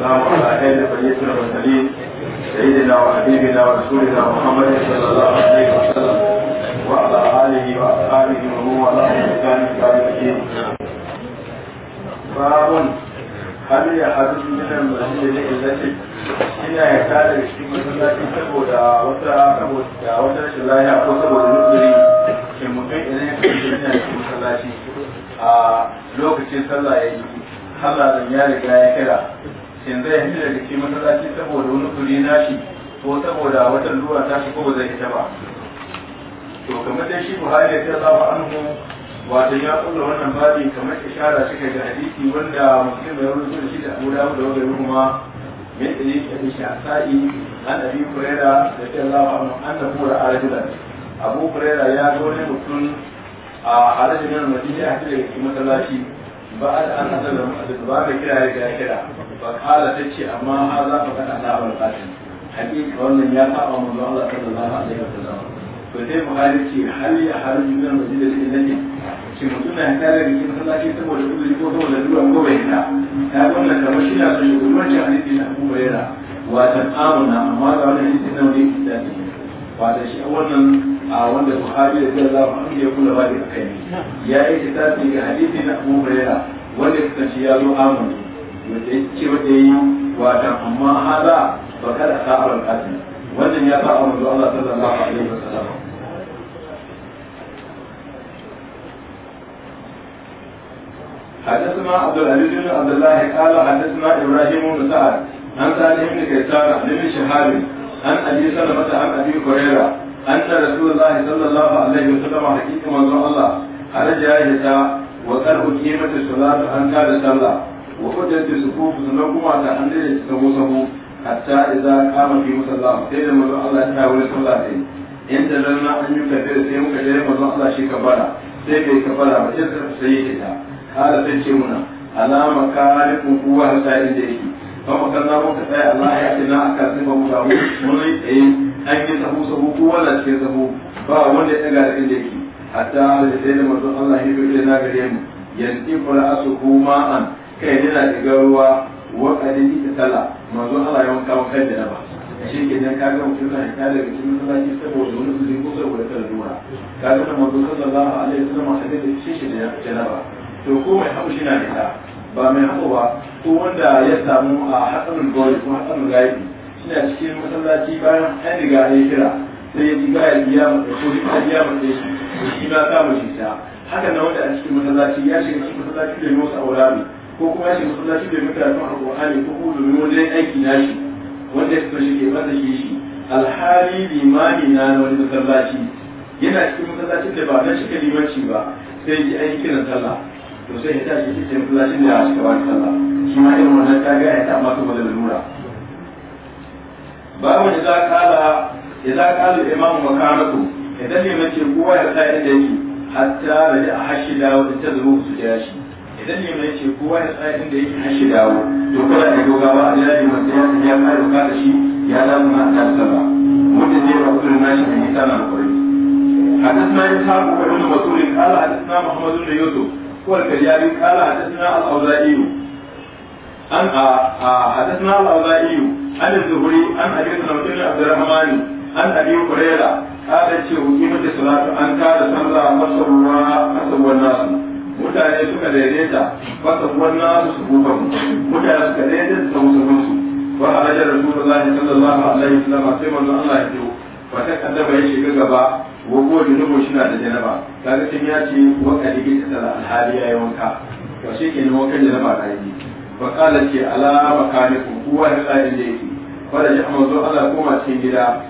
والسلام على خير بقية المرسلين سيدنا وحبيبنا ورسولنا محمد صلى الله عليه وسلم وعلى آله وأصحابه ومن والاه بإحسان إلى باب هل يحدث من المسجد التي ina ya kada da shi masallaci saboda wata saboda wata rashin lafiya ko saboda nufiri ke mutum idan cikin masallaci a lokacin sallah ya yi sallah zan ya riga ya kira yanzu ya hita daga cikin masallaci saboda wani kuri shi, ko saboda wata lura ta shi ko ba zai ita ba to kamar dai shi buhari ya ta zaba anhu wato ya kula wannan babi kamar ishara shi ga hadisi wanda mutum ya rubuta shi da Abu Dawud da wanda kuma min dalil da shi sa'i an abi kurera da ta zaba an annahu ra'a rajulan Abu kurera ya zo ne mutum a harajin Madina a cikin masallaci ba an hada da mutum ba da kira ya kira فقال تشي أما هذا فقد أنا أبو القاسم حقيقة وأن يقع ومن الله صلى الله عليه وسلم فسيف خالد هل يخرج من المسجد الإنساني shi mutum na hita da bikin masallaci saboda uzuri ko saboda duwa ko bai hita ta gwamna kamar shi na so shi gudun wancan hadisi na abu bayera watan amuna amma ga wani hadisi na wani da ne watan shi wannan a wanda buhari da zai zama an ya kula ba da kai ya yi ta ga hadisi na abu bayera wanda ya kasance ya zo amuna ce wanda yi wata amma hada ba kada sa'ar al'adun wannan ya sa amurzu Allah sallallahu alaihi wasallam حدثنا عبد العزيز بن عبد الله قال حدثنا ابراهيم بن سعد عن سالم بن كيسان عن ابن شهاب عن ابي سلمه عن ابي هريره ان رسول الله صلى الله عليه وسلم حقيقه منظور الله خرج يا وقد اقيمت الصلاه عن كاد صلاه وحجت الصفوف سنكم على أن يتسموسه حتى إذا قام في مصلاه سيد مزوع الله تعالى صلاته إن تجلنا أن يكفر سيهم كجري مزوع الله شي كبرا سيد كبرا وجزء سيئتها هذا تجمنا على مكارم قوة سائل جيكي فما كنا مكتايا الله يأتنا أكاسم ومتعه مني أي أن يسهو سهو قوة لا تكسهو فأول يتقال إليكي حتى على سيد مزوع الله يكفر لنا قريم ينتقل أسهو ماءً kai ne na ga ruwa wa kadin ki sallah manzo Allah ya wanka kai da ba shi ke nan ga mutum na hita daga cikin masallaci saboda wani uzuri ko saboda kada dora kaga nan manzo sallallahu alaihi wasallam hadisi shi shi da ba to ko mai haɓu shi na hita ba mai haɓu ba ko wanda ya samu a hatsarin gori ko hatsarin gaibi suna cikin masallaci bayan an riga ya kira sai ya diga ya biya mata ko ya biya mata shi shi ba kama shi ta haka na wanda a cikin masallaci ya shiga cikin masallaci da yi wasu aurabi ko kuma shi ya shiga masallaci da mutanen alƙur'ani ko kuma domin wajen aiki na shi wanda ya fito shi ke ba shi shi alhali limani na na wani masallaci yana cikin masallacin da ba na shi limanci ba sai ji aiki kiran sallah to sai ya tashi cikin masallacin da shi ba sallah shi ma irin wannan ta ga ya ta amma saboda lura. babu da za kala ya za kala imamu wa kanatu idan limanci kowa ya sa inda yake hatta da a hashi da wata ta zama su ya shi idan ya mai ce kowa inda yake na shi dawo to kada ka ga a jirage masu ya ya fara ka da shi ya lamu na tasa ba wanda zai ba kudin na shi ne tana kuri hadis na ta ku ko da masulin Allah hadis na Muhammadu ne yoto ko al kaliyari Allah hadis na al auzaiy an a hadis na al auzaiy an zuhuri an hadis na mutum Abdul Rahman an abi hurayra salatu an ka da sanza masallama nasu mutane suka daidaita fasa wannan su bukan mutane suka daidaita su musulun su wa alajar rasulullahi sallallahu alaihi wasallam sai manzo Allah ya ce fa ta kaddaba ya shiga gaba wa ko junubu shina da janaba kaga kin ya ce wa kadiki ta alhali yayi wanka to shi ke nemo kan janaba da yi fa kala ce ala makanikum huwa ya qadin da ke. fa da ya manzo Allah koma cikin gida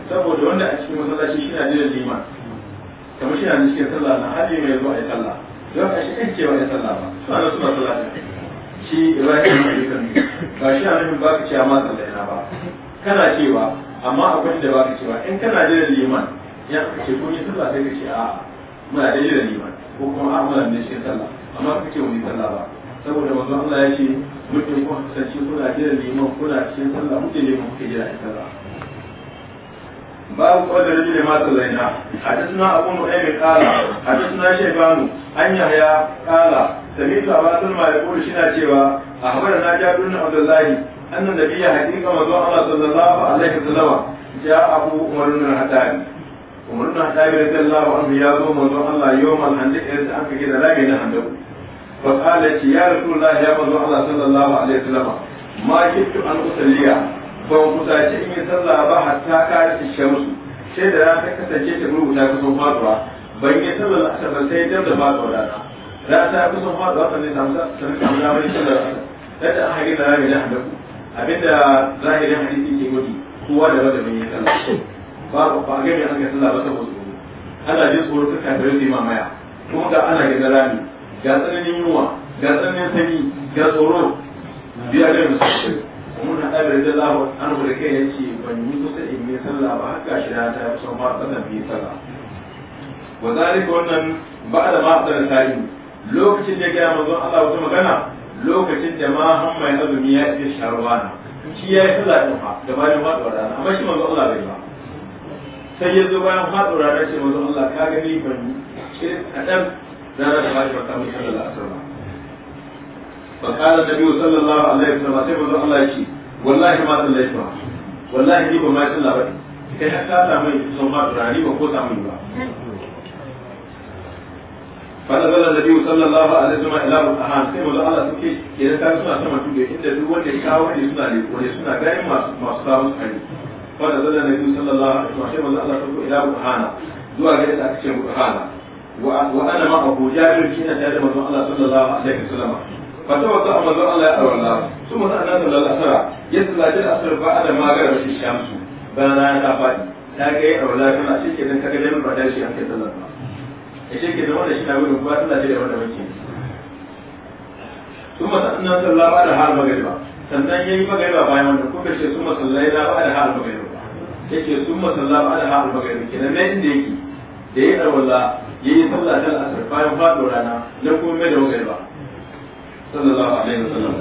saboda wanda a cikin masallaci shi na jiran liman kamar shi na cikin sallah na hali mai zuwa ya sallah don a shi ɗan cewa ya sallah ba su ana suna sallah shi ibrahim mai kan ba shi na nufin baka cewa ma sallah ina ba kana cewa amma akwai da baka cewa in kana jiran liman ya ce kun yi sallah sai ka ce a'a muna da jiran liman ko kuma a'a muna da cikin sallah amma ka ce wani sallah ba saboda manzo Allah ya ce mutum kun kasance kuna jiran liman kuna cikin sallah mutum ne mun kai jira sallah باب قول الرجل ما صلينا حدثنا ابو نعيم قال حدثنا شيبان عن يحيى قال سمعت ابا سلمى يقول شنا cewa اخبرنا جابر بن عبد الله ان النبي حقيقه مزوع الله صلى الله عليه وسلم جاء ابو عمر بن الخطاب عمر بن الخطاب رضي الله عنه يا زوم مزوع الله يوم الحندق اذ انك كده لا بين حندق فقال يا رسول الله يا مزوع الله صلى الله عليه وسلم ما كنت ان اصلي ba mu kusace in yi sallah ba ta kare ta shamsu sai da rana ta kasance ta rubuta kusan faduwa ban yi sallah la'asar ba sai dab da faduwa rana rana ta kusan faduwa ne samu sanar samu damar sallah la'asar sai da hari da rami da ku abinda zahirin hadisi ke gudu kowa da wanda bai yi sallah ba ba ga mai hanga sallah ba saboda tsoro ana jin tsoro ta kafirin da mamaya kuma ga ana ga rami ga tsananin yunwa ga tsananin sanyi ga tsoro biya ga musulmi muna ɗabar da lawa an kai ya ce ban yi kusa in yi sallah ba haka shi na ta kusan ma tsada bi sallah wa zalika wannan ba da ma tsara sa'i lokacin da ya mazan Allah wata magana lokacin da ma han mai azumi ya sharuwa na shi ya yi sallah ɗin fa da bayan ma tsara rana amma shi mazan Allah bai ba sai ya zo bayan ma tsara rana ce mazan Allah ka gani ban a ɗan rana da ba shi ba ta sallah asar ba فقال النبي صلى الله عليه وسلم sai manzo Allah yake wallahi ma sallai ba wallahi ni ba ma sallah ba kai har ka samu son ma turani فنزل النبي صلى الله عليه وسلم الى مصحان sai manzo Allah suke idan ka suna sama tudu inda duk wanda ya kawo ne suna ne ko suna gayin masu masu kawo فنزل النبي صلى الله عليه وسلم sai manzo Allah suke ila mutahana zuwa ga yadda aka ce mutahana wa ana ma'ahu jabir kina tare ba ta wata amma zan Allah ya arwala su mun anan da asara ya tsalaje da asar ba da magana shi shamsu ba na ta faɗi ta kai arwala kana shi ke dan kaga min ba da shi an kai sallar ba ya ce ke zama da shi na gudu ba tana da wanda muke su mun anan da har hal ba sannan ya yayi magriba bayan wanda kuka ce su mun sallai da ba da hal magriba yake su mun sallallahu alaihi hal magriba kenan ne inda yake da ya arwala yayi sallah ta asar bayan faɗo rana na kuma mai da ba. sallallahu alaihi wasallam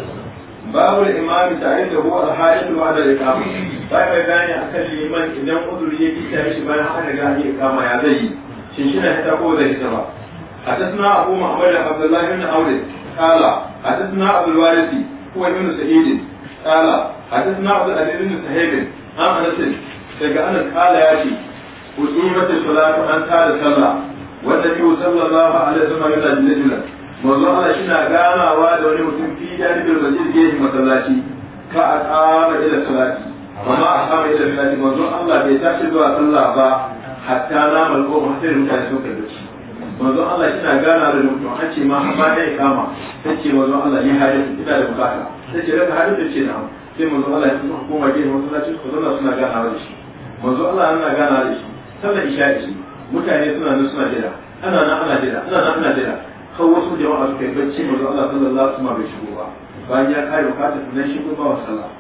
babu imami tare da huwa alhajatu ba da ikama sai bai gane akan liman idan uzuri ya bi tare shi bayan an riga an ikama ya zai shin shi na ko zai hita ba حدثنا أبو محمد عبد الله بن عمرو قال حدثنا أبو الوارث هو ابن سعيد قال حدثنا عبد العزيز بن سهيب عن أنس ga anan kala ya ce usulat salatu an tada sallah wanda ke sallallahu alaihi wasallam manzo Allah shi na ganawa da wani mutum fi janibin masjid masallaci ka a kama ila salati amma a kama ila salati manzo Allah bai tashi zuwa sallah ba hatta na malko hatta da mutane sun kalli shi manzo Allah shi na gana da mutum an ce ma ba ya kama sai ce manzo Allah ya hajji da bukata sai ce raka da ce na sai manzo Allah masallaci ko zalla suna da shi manzo Allah yana gana da shi sallar isha'i mutane suna nan suna jira ana nan ana jira ana nan ana jira har wasu jama'a suka yi bacci mazu Allah sallallahu su ma bai shigo ba bayan ya kare bukata shi shigo ba sallah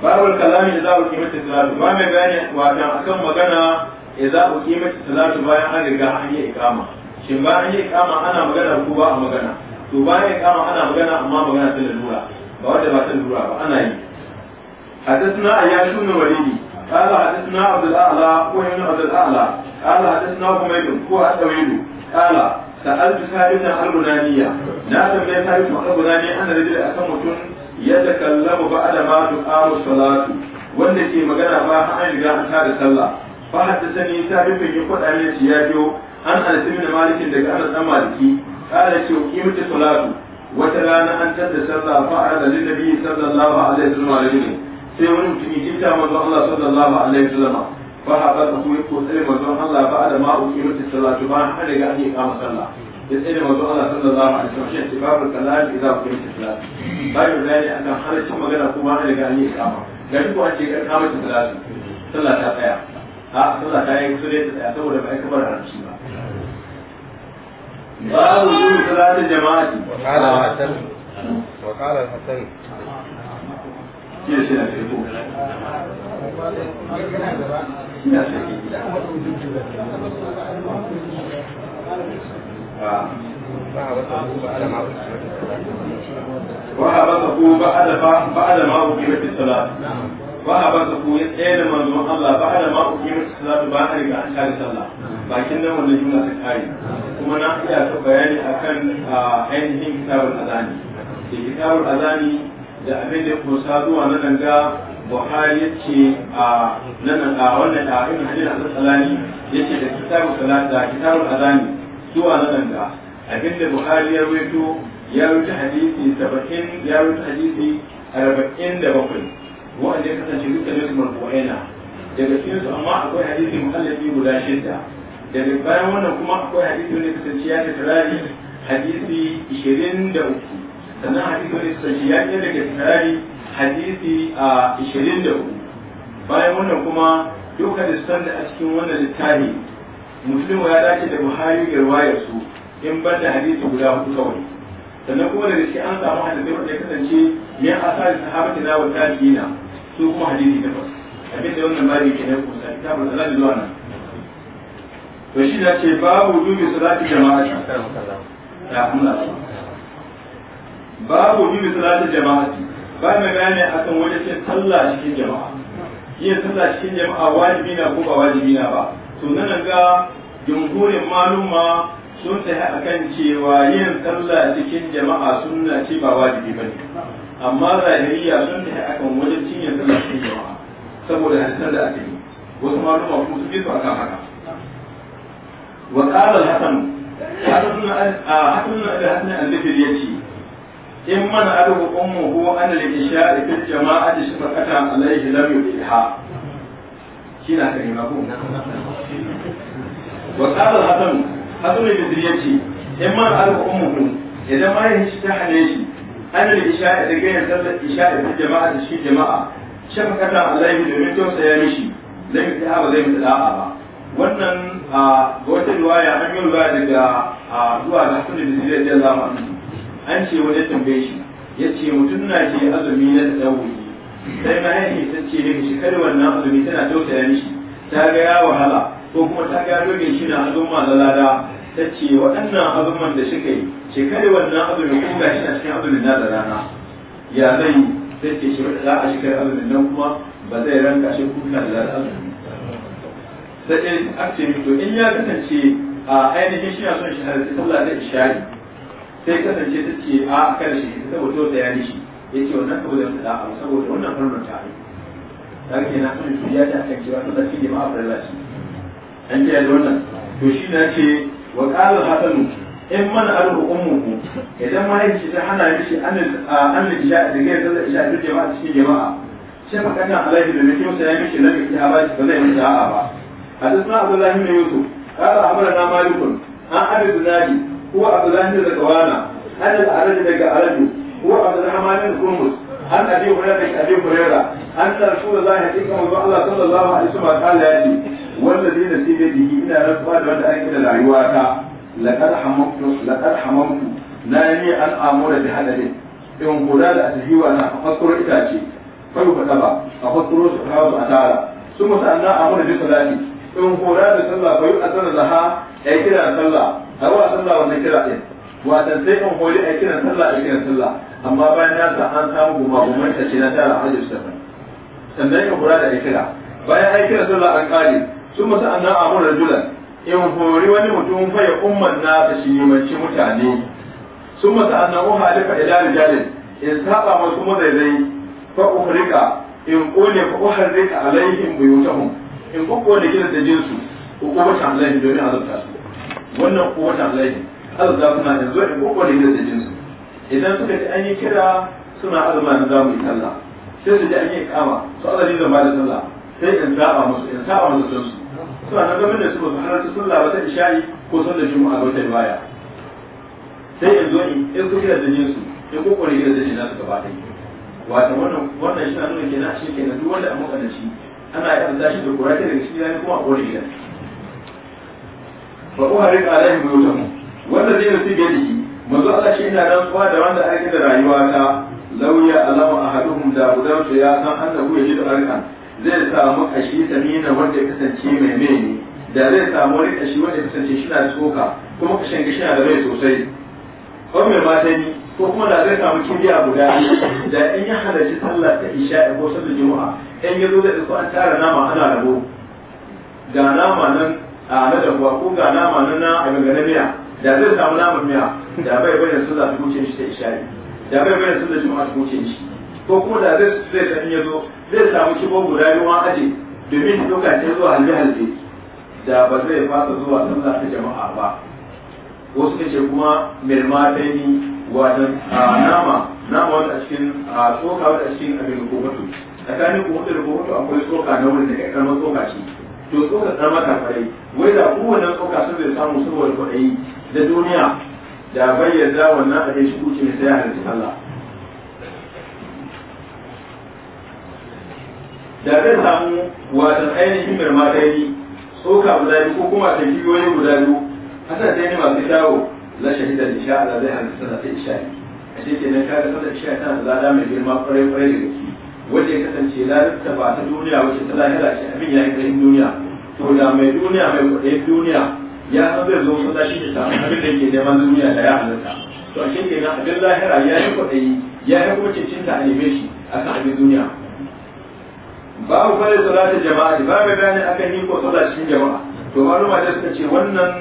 babar kalami idza uqimat salatu ba mai bayani a akan magana za idza uqimat salatu bayan an riga an yi ikama shin ba an yi ikama ana magana ko ba a magana to bayan ikama ana magana amma magana ta lura ba wanda ba ta lura ba ana yi حدثنا أياش بن وليد قال حدثنا عبد الأعلى وهو عبد الأعلى قال حدثنا حميد هو التويل قال ta ثابت عن البنانية نادم لي ana عن البنانية yadda رجل أسمة يتكلم بعد ما تقام الصلاة wanda ke magana ba an riga an tada sallah fa haddathani tarifin ya faɗa ne ya biyo an anas ibn malikin daga anas dan maliki qala ce qimtu salatu wata rana an tada sallah fa arada lin nabi sallallahu alaihi wasallam sai wani mutum ya tinta manzo Allah sallallahu alaihi wasallam ba a ba da kuma ko tsere manzon Allah ba da ma uki mutu sallatu ba an yi kama sallah da tsere manzon Allah sallallahu alaihi wasallam shi tibabul kalam yi uki sallah bayan bayani akan halaccin magana kuma an riga an yi kama gari ko an ce kama ta sallah sallah ta tsaya a sallah ta yi da ta tsaya saboda ba aika bar haramci ba babu zuwa salatin jama'a وقال الحسن وقال الحسن كيف شيء وحبسه بعد بعد ما أقيمت الصلاة وحبسه يتعين من الله بعد ما أقيمت الصلاة بعد أن كان صلاة bakin nan wanda juna ta kare kuma na iya bayani akan ainihin kitabul azani da kitabul azani da abin da ya kusa zuwa na danga buhari ya ce a nan a wannan da ibn hajar al-asqalani ya ce da kitabu salata kitabu azani zuwa nan da abinda buhari ya rawaito ya rawaito hadisi 70 ya rawaito hadisi 47 wanda ya kasance duka dukkanin su marfu'aina daga cikin su amma akwai hadisi muhallafi guda shida daga bayan wannan kuma akwai hadisi wanda kasance ya tattara hadisi da uku. sannan hadisi wani sashi ya ke daga tsari hadisi a 23 bayan wannan kuma duka lissan da a cikin wannan littafi muslim ya dace da buhari ga riwayar su in ban da hadisi guda hudu kawai sannan kuma daga cikin an samu hadisi wanda ya kasance a tsarin sahabati da wata tabi'ina su kuma hadisi takwas abin da wannan babu ke nan kusa ita ba zalal zuwa nan to shi da ce babu dubi salati jama'a ta Allah babu ni misalata jama'ati ba mai bayani akan wajen cin sallah cikin jama'a yin sallah cikin jama'a wajibi na ko ba wajibi na ba to nan ga jumhurin maluma sun sai akan cewa yin sallah cikin jama'a sunna ce ba wajibi bane amma zahiriya sun sai akan wajen cin yin sallah cikin jama'a saboda hadisan da aka yi wasu maluma kuma su su akan haka wa qala al-hasan hasan al-hasan al-hasan al-bidri yace in man ummu ummuhu an al-isha'i fil jama'ati shafaqatan alayhi lam yudha na aka ma ko wa qala hadan hasan al-bidri yace in man ummu ummuhu idan ma yin shi ta hane shi an al-isha'i da yin sallar isha'i fil jama'ati shi jama'a shafaqatan alayhi domin tausaya mishi lam yudha ba zai mutla'a ba wannan ah, a wata riwaya an yi riwaya daga ah, zuwa da hasan zai bidri da anhu an ce wani tambaye shi ya ce mutum na ce azumi na tsawuri sai mahaifi ta ce ne shi kada wannan azumi tana tausaya mishi ta ga ya wahala ko kuma ta gado mai shi na azumma na lada ta ce waɗannan azumman da shi kai shi kada wannan azumi ko ga shi a cikin azumin na da rana ya zai ta ce shi za a shi kai azumin nan kuma ba zai ranka shi kuma da azumi sai a ce to in ya kasance a ainihin shi na son shi har sai sallah da ishari sai kasance ta ce a karshe shi saboda wata ya nishi ya ce wannan da wata da'a saboda wannan farnon ta yi ta ke na ya shirya ta kan kira ta zafi da ma'afar farla an kira da wannan to shi na ce wa ƙarar hasanu in mana an hukun muku idan mahaifi ta hana mishi an lisha da gaya zai isha duk jama'a cikin jama'a shi fa kan alaihi da nake sai ya mishi lamin ya ba shi ba zai masa a'a ba hadisna abdullahi bin yusuf qala na malikun an abi dunadi هو عبد الله بن ذكوانا أن الأرج دق أرجو هو عبد الرحمن بن قمص أن أبي هريرة أبي هريرة أن رسول الله حقيقة وضع الله صلى الله عليه وسلم قال لي والذي نسي بيده إلى رسول الله وأنا أكل العيوات لقد حممت لقد حممت ناني أن آمر بحدث in kula da atahiwa na a faskuro itace kai ba ba a faskuro su kawo su a tara sun musa annan a mana bisa dadi in kula da sallah bai a tsara zaha ya kira sallah a wa sallah wannan kira ɗin watan sai in hori a kiran sallah a kiran sallah amma bayan ya sa an samu guma ta ce na tara hajjar sallah sannan ya kura da aikira bayan aikira sallah an kare sun masa annan amur rajulan in hori wani mutum faya umman na ta shimanci mutane sun masa annan uha duka ila rijalin in saba masu mazaizai fa uhrika in kone fa uhrika alaihim buyutahum in kokko da kiran da jinsu ko kuma ta alaihim domin azabta su wannan ko wata alaihi azza kuma yanzu in kokole da zajin su idan suka ji an yi kira suna azuma na zamu yi sallah sai su ji an yi kama su azali zan ba da sallah sai in saba musu in saba musu sun su suna na gamin da su ba su halarta sallah ba ta isha'i ko shi mu a ta baya sai in zo in in su kira zajin su in kokole da zajin su gaba yi wato wannan wannan shi na nuna kenan shi kenan duk wanda an muka da shi ana yarda shi da kura daga shi ne kuma a kore gidan fa uharik alaihi buyutahum wanda zai nufi biyadihi manzo Allah shi ina rantsuwa da wanda ake da rayuwa ta lauya alama a da gudan su ya san annahu yajidu arkan zai samu kashi samina wanda ya kasance mai mene da zai samu wani wanda kasance shi na tsoka kuma kashin kashi na da rai sosai ko matani ko kuma da zai samu kibiya guda da in ya halarci sallah ta isha ko sallar juma'a in ya zo da an tara nama rabo nama nan a na dabuwa ko ga nama na na a gangana miya da zai samu naman miya da bai bayyana sun zafi kuce shi ta ishari da bai bayyana sun da juma'a su shi ko kuma da zai zai san ya zo zai samu kibon guda yi wa aje domin lokacin zuwa halbe halbe da ba zai fasa zuwa sallah ta jama'a ba wasu kace kuma yi wajen nama nama wanda a cikin tsoka wata a cikin abin kofato tsakanin kofato da kofato akwai tsoka na wurin da kai karamar tsoka ce to tsoka zama kafare wai da kowane tsoka sun zai samu wani kwaɗayi da duniya da bayyana wannan a dai shi kuke sai a Allah da zai samu watan ainihin birma ɗaya tsoka guda biyu ko kuma ta biyoyi guda biyu hasan sai ne masu kyawo la shahida da sha Allah zai halitta sana ta isha a cikin kenan kaga sana isha tana da lada mai girma kwarai kwarai da gaske wanda ya kasance larabta ba ta duniya wacce ta lahira ce abin ya yi ƙarfin duniya to da mai duniya mai kwaɗayin duniya ya san zai zo sun shi da samun abin da ke neman duniya da ya halarta. to a cikin kenan abin lahira ya yi kwaɗayi ya yi kuma cincinta a neme shi a kan abin duniya babu fara salatin jama'a ba mai bayani akan yi ko sallah cikin jama'a to maluma da suka ce wannan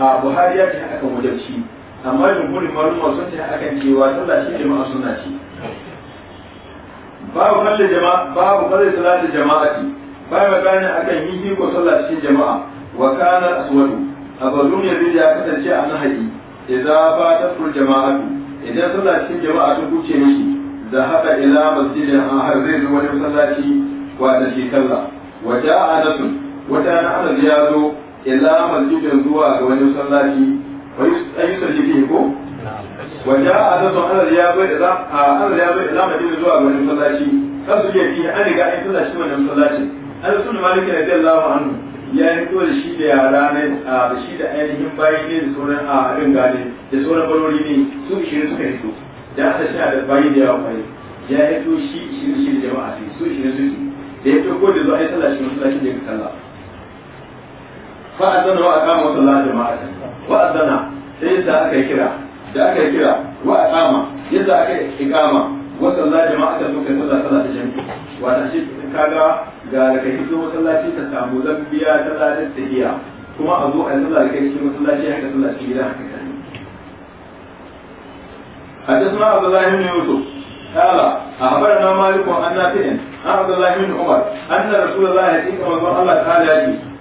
a buhari ya ce haka wajen shi amma jumhurin maluma sun ce akan cewa sallah cikin jama'a suna ce babu kalle jama'a babu kalle salati jama'ati bai magana akan yi ko sallah cikin jama'a wa kana aswadu abazun bi ya kasance a nahayi idza fatatul jama'atu idan sallah cikin jama'a ta kuce da haka ila masjidin har zai zo wani masallaci wa da shi sallah wa ja'a nasun wata na anas ya zo ila masjidin zuwa ga wani masallaci wa yusalli fihi ko wanda a da son Allah ya bai da Allah ya bai da Madina zuwa ga masallaci kan su je fi an riga an tura shi wannan masallaci an sun maliki radiyallahu anhu ya hito da shi da yara ne da shi da ainihin bayi ne da sauran a abin gane da sauran barori ne su shi suka hito da aka shi da bayi da yawa kai ya hito shi shi shi da jama'a sai su shi su su. da ya ko da zuwa ai sallah shi masallaci da sallah fa azana wa aqama sallah jama'atan wa azana sai sa aka kira da aka yi kira wa aqama yadda aka yi iqama wa sallah jama'a ta suka sallah sallah ta jami'i wa ta shi kaga ga da kai masallaci ta samu zambiya ta ta tahiya kuma a zo a yi da kai cikin masallaci haka sallah cikin gida haka kai حدثنا عبد الله بن يوسف قال اخبرنا مالك عن نافع عن عبد الله بن عمر ان رسول الله يأتيك ومن الله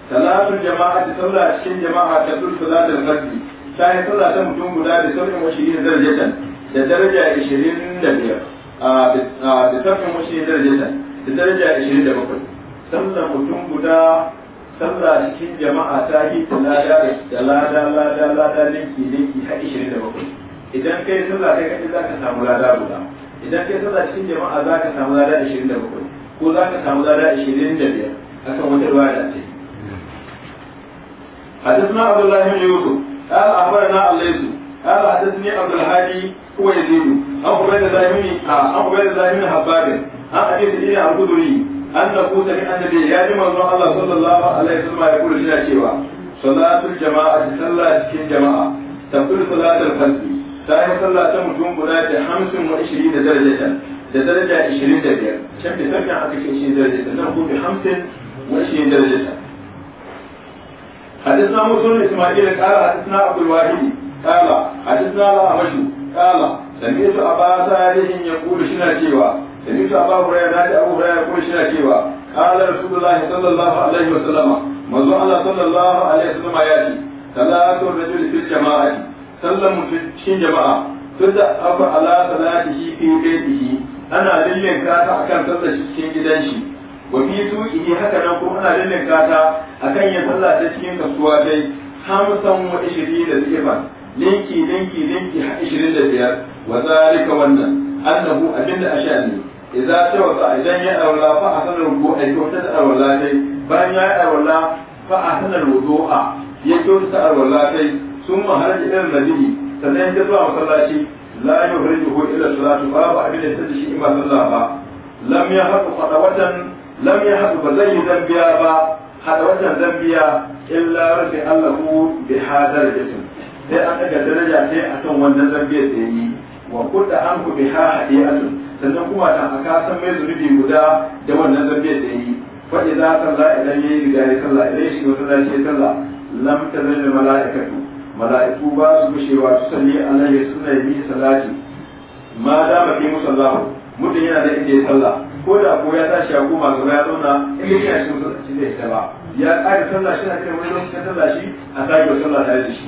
ثلاث الجماعة صلى الشين جماعة تدل صلاة الفجر shayin sallah ta mutum guda da sauƙin washi yin darajatan da daraja 25 a da sauƙin washi yin darajatan da daraja 27 sallah mutum guda sallah cikin jama'a ta yi da lada lada lada linki linki har 27 idan kai sallah kai kaɗai za ka samu lada guda idan kai sallah cikin jama'a za ka samu lada 27 ko za ka samu lada 25 akan wata ruwa da ce حدثنا عبد الله بن يوسف قال أخبرنا الليث قال حدثني عبد الهادي هو يزيد عن قبيل الزاهمين عن قبيل الزاهمين حباب عن حديث إلي عن قدري أن نقول من النبي يا جماعة الله صلى الله عليه وسلم يقول لنا شيئا صلاة الجماعة صلاة الجماعة تقول صلاة الخلف تاهي صلاة مجموع بلاد خمس وعشرين درجة درجة عشرين درجة كم تسمع عندك عشرين درجة نقول بخمس وعشرين درجة حدثنا موسى بن اسماعيل قال حدثنا عبد الواحد قال حدثنا الاعمش قال سمعت ابا صالح يقول شنا شيوا سمعت ابا هريره نادي ابو هريره يقول شنا شيوا قال رسول الله صلى الله عليه وسلم منذ الله صلى الله عليه وسلم ياتي صلاه الرجل في الجماعه سلم في جماعه تدأب على صلاته في بيته ana lullun ka ta akan sallar cikin gidan shi wa fi suqihi haka nan kuma ana lullunka ta akan ya sallah ta cikin kasuwa dai hamsan wa ishirin da sifan linki linki linki ishirin da biyar wa zalika wannan annahu abinda ashani idza tawaka idan ya aula fa a sanar hasan rubu ay ta da aula dai bayan ya aula fa a hasan rubu'a ya kyauta da aula dai summa haraja ila nabi sannan ya zuwa masallaci la yuhrijuhu ila salatu babu abinda ta shi in ba sallah ba lam ya yahqu qadawatan lam ya haɗu ba zai yi zambiya ba haɗa wannan zambiya illa rabbi allahu bi hadar ism sai an ɗaga daraja sai a kan wannan zambiyar da ya yi wa kudda an ku bi ha hadiyatun sannan kuma ta aka san mai zunubi guda da wannan zambiyar da ya yi fa idza salla idan yayi riga ya salla idan shi wata da shi salla lam tazal malaikatu malaiku ba su gushewa su salli alaihi sunna yi salati ma da mafi musallahu mutum yana da inda ya salla ko da ko ya tashi a koma gaba ya zauna in dai yana cikin masallaci zai fita ba ya ƙara sallah shi na kai wani lokacin sallah shi a sake wa sallah tare da shi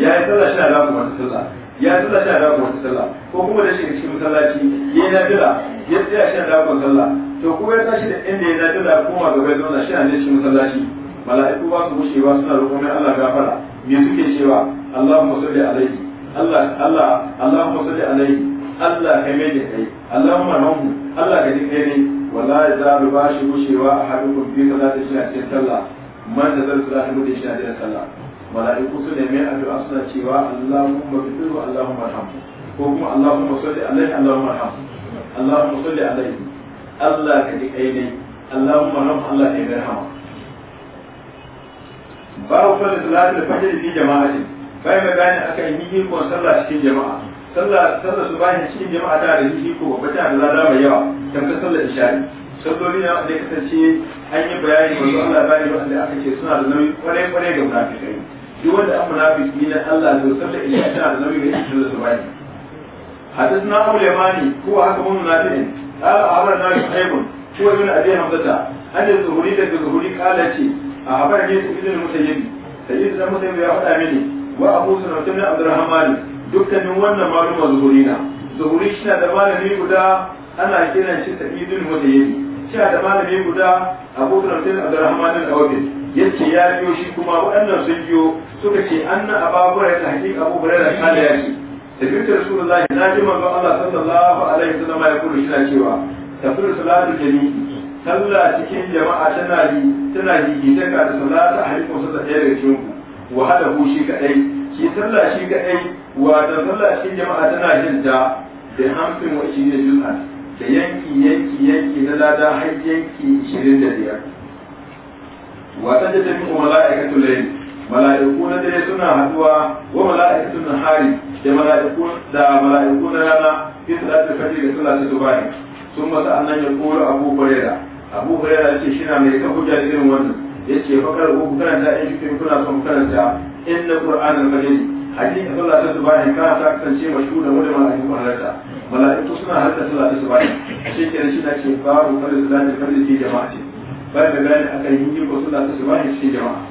ya yi sallah shi na damu wata sallah ya yi sallah shi na damu wata sallah ko kuma da shi cikin masallaci ya yi nafila ya tsaya shi na kuma sallah to ko ya tashi da inda ya nafila koma gaba ya zauna shi na cikin masallaci mala'iku ba su gushewa suna roƙon Allah gafara me suke cewa Allahumma salli alaihi Allah Allah Allahumma salli alaihi Allah kai mai da kai Allahumma rahmu Allah ka ji kai ne wala ya zalu ba shi gushewa a hadukun bi salati shi a cikin sallah man da zai zai hudu shi a cikin sallah mala'iku su ne mai addu'a suna cewa Allahumma ghfir wa Allahumma rahmu ko kuma Allahumma salli alaihi Allahumma rahmu Allahumma salli alaihi Allah ka ji kai ne Allahumma rahmu Allah ka yi rahama babu sallar da fajr jama'a jama'atin bai magana akan yi ikon sallah cikin jama'a sallah sallah su bayan cikin jama'a ta da shi ko babba ta da lada mai yawa tamkar sallar isha'i salloli na wanda kasance an yi bayani wasu Allah bayani wanda aka ce suna da nauyi kwarai kwarai ga munafikai duk wanda an munafiki na Allah to sallar isha'i tana da nauyi ga ita sallar su bayan حدثنا أبو اليماني هو حكم نافع قال أخبرنا شعيب هو ابن أبي حمزة أن a لك الزهري قال لي أخبرني سعيد المسيب سعيد المسيب يا أخي أميني وأبو سنة بن عبد الرحمن dukkanin wannan maluma zuhuri na zuhuri shi da malami guda ana kiran shi wata mutayyib shi da malami guda abubakar bin abdurrahman al-awdi yace ya biyo shi kuma waɗannan sun biyo suka ce anna ababura ta hakika abu hurairah kana ya ce tabiyyatu rasulullahi na ji manzo Allah sallallahu alaihi wasallam ya kullu shi na cewa tafsir salatu jami'i sallah cikin jama'a tana tana jigitaka da salatu ahli musallah ɗaya daga cikin ku wa hada ku shi kadai shi sallah shi kadai wato sallah shi jama'a tana jin ta da hamsin wa ishirin da da yanki yanki yanki na lada har yanki 25 da biyar da tafi wa mala'ikatu layl mala'iku na dare suna haduwa wa mala'ikatu na hari da mala'iku da mala'iku na rana fi salatu fajr da salatu subhi sun masa annan ya kora abu hurairah abu hurairah ce shi na mai kafa hujja irin wannan yace fakar uku kana da in kuna son karanta inna qur'an al-majid hakika sallah ta subahi ka ta kasance mashhura wa da mala'iku halarta mala'iku suna halarta sallah ta subahi shi ke shi na ce babu kada da zai kada ji jama'a ce bai da gani akan yin ko sallah ta subahi cikin jama'a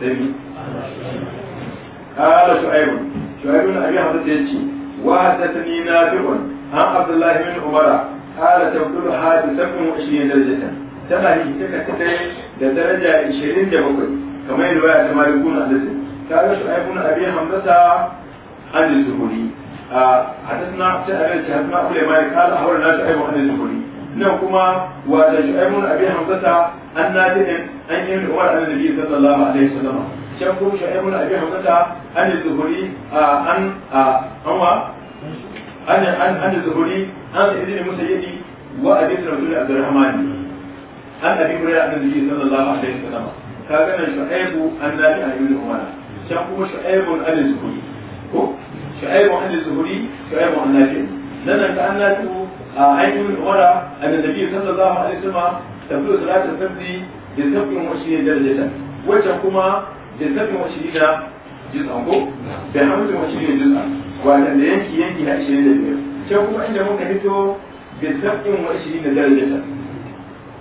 tabi قال شعيب شعيب بن ابي حدث يجي وحدثني نافع عن عبد الله بن عمر قال تبدو حادثه 20 درجه تبعي تكتب da daraja 27 kamar yadda baya ta malikun hadisi ta ga shi ayyukan abin hamdata hadis zuhuri a hadisna ta ga shi hadisna kullum mai kala a wurin nashi ayyukan hadis zuhuri nan kuma wa da shi ayyukan abin hamdata an na ji an yi da umar an biyu ta sallama a daya sallama can kuma shi ayyukan abin hamdata hadis zuhuri a an a an wa an an hadis zuhuri an sa izinin musayyadi wa hadisin rasulun abdulrahman an abi hurairah annabi sallallahu alaihi wasallam kaga nan shu'aibu annabi ayyul umara can kuma shu'aibun al-zuhri ko shu'aibu al-zuhri shu'aibu annabi nan ka annabi ayyul umara annabi sallallahu alaihi wasallam tabu salatu sabbi da sabbin washi darajata wajen kuma da sabbin washi da jiz'an da hamsin washi da jiz'an wanda da yanki yanki na 25 can kuma inda muka hito da sabbin washi da darajata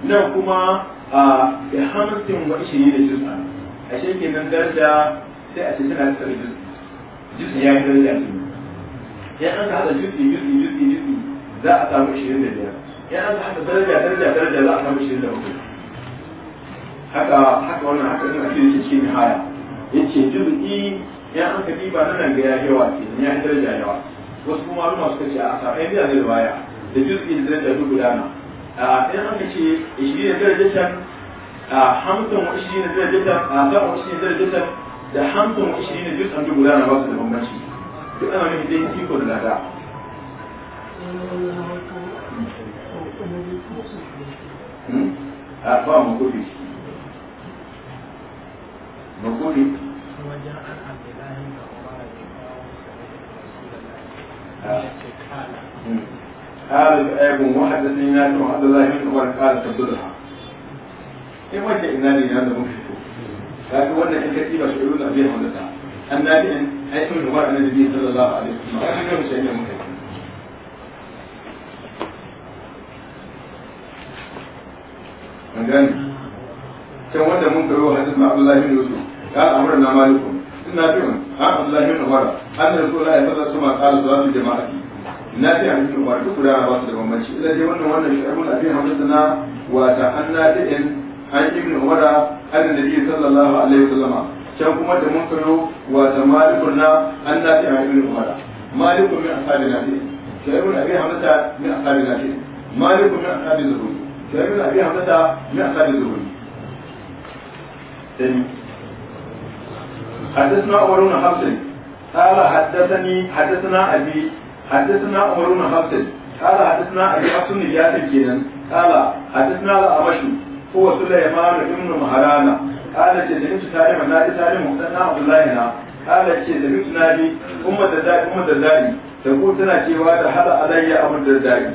nan kuma a da hamsin wa ne da juz'a a shekin nan daraja sai a cikin tana tsara juz'i juz'i ya yi daraja ne yan an ka haɗa juz'i juz'i juz'i juz'i za a samu ishirin da biyar yan an ka haɗa daraja daraja daraja za a samu ishirin da hudu haka haka wannan haka ɗin a cikin cikin haya yace juz'i yan an ka diba nan ga ya yawa ke ya daraja yawa wasu kuma maluma masu ce a samu ɗaya da baya da juz'i da daraja duk gudana in aka ce ishirin a hamsin wa ishirin a sabon wa ishirin darajatan da hamsin wa ishirin juz'an duk gudana ba su da bambanci duk ana nufin dai iko da lada a ba mu gobe mu gobe a قال الآب وحدثني ناس وعبد الله بن عمر قال تبدلها in wace ina ne na da mun fito ta fi wannan in kaci ba su yi wani abin wanda ta an dafi in aikin da wa'ana da biyu sallallahu alaihi wasallam a cikin wace ne muka yi an gani can wanda mun karo hadis na abdullahi bin yusuf ya amurna malikun ina fi an abdullahi bin umar an da rasulullahi sallallahu alaihi wasallam qala salatu jama'ati na fi amincin ba duk guda ba su da bambanci ila dai wannan wannan shi'abun abin hamdana wata an anna da'in an ibn umara an nabi sallallahu alaihi wasallam can kuma da mun kano wa ta malikun na an na fi ibn umara malikun min ashabi nafi shi'abun abin hamdana min ashabi nafi malikun min ashabi zuhuri shi'abun abin hamdana min ashabi zuhuri حدثنا أول بن حفص قال حدثني حدثنا أبي حدثنا عمر بن حفص قال حدثنا ابي حفص بن جاسم كينان قال حدثنا الامش هو سليمان بن مهران قال جدنت سالم النادي سالم مقتنع عبد الله هنا قال ce da mutu na bi umma da da'i umma da da'i da ku tana cewa da hada alayya abu da da'i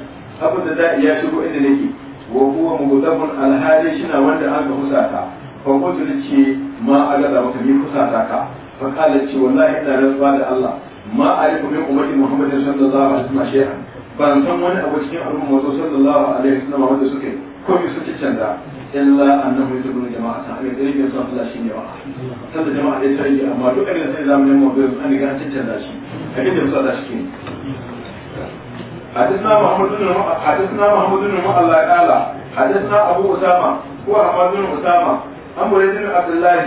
abu da ya shigo inda nake wa huwa mughdabun alhali shina wanda an ga husata fa kuntu ce ma aga da kala ce ina da Allah ma a yi kuma umarci muhammadin sallallahu alaihi wasallam shi'a ban san wani abu cikin al'umma wasu sallallahu alaihi wasallam wanda suke komai sun ci canza illa annahu yadullu jama'a ta ayyuka da yake son Allah shine wa sai jama'a dai sai yi amma duk irin sai zamanin mu bai an ga cin canza shi abin da Allah shi ne حدثنا محمد بن حدثنا محمد بن الله قال حدثنا ابو اسامه هو احمد بن اسامه عن مريد بن عبد الله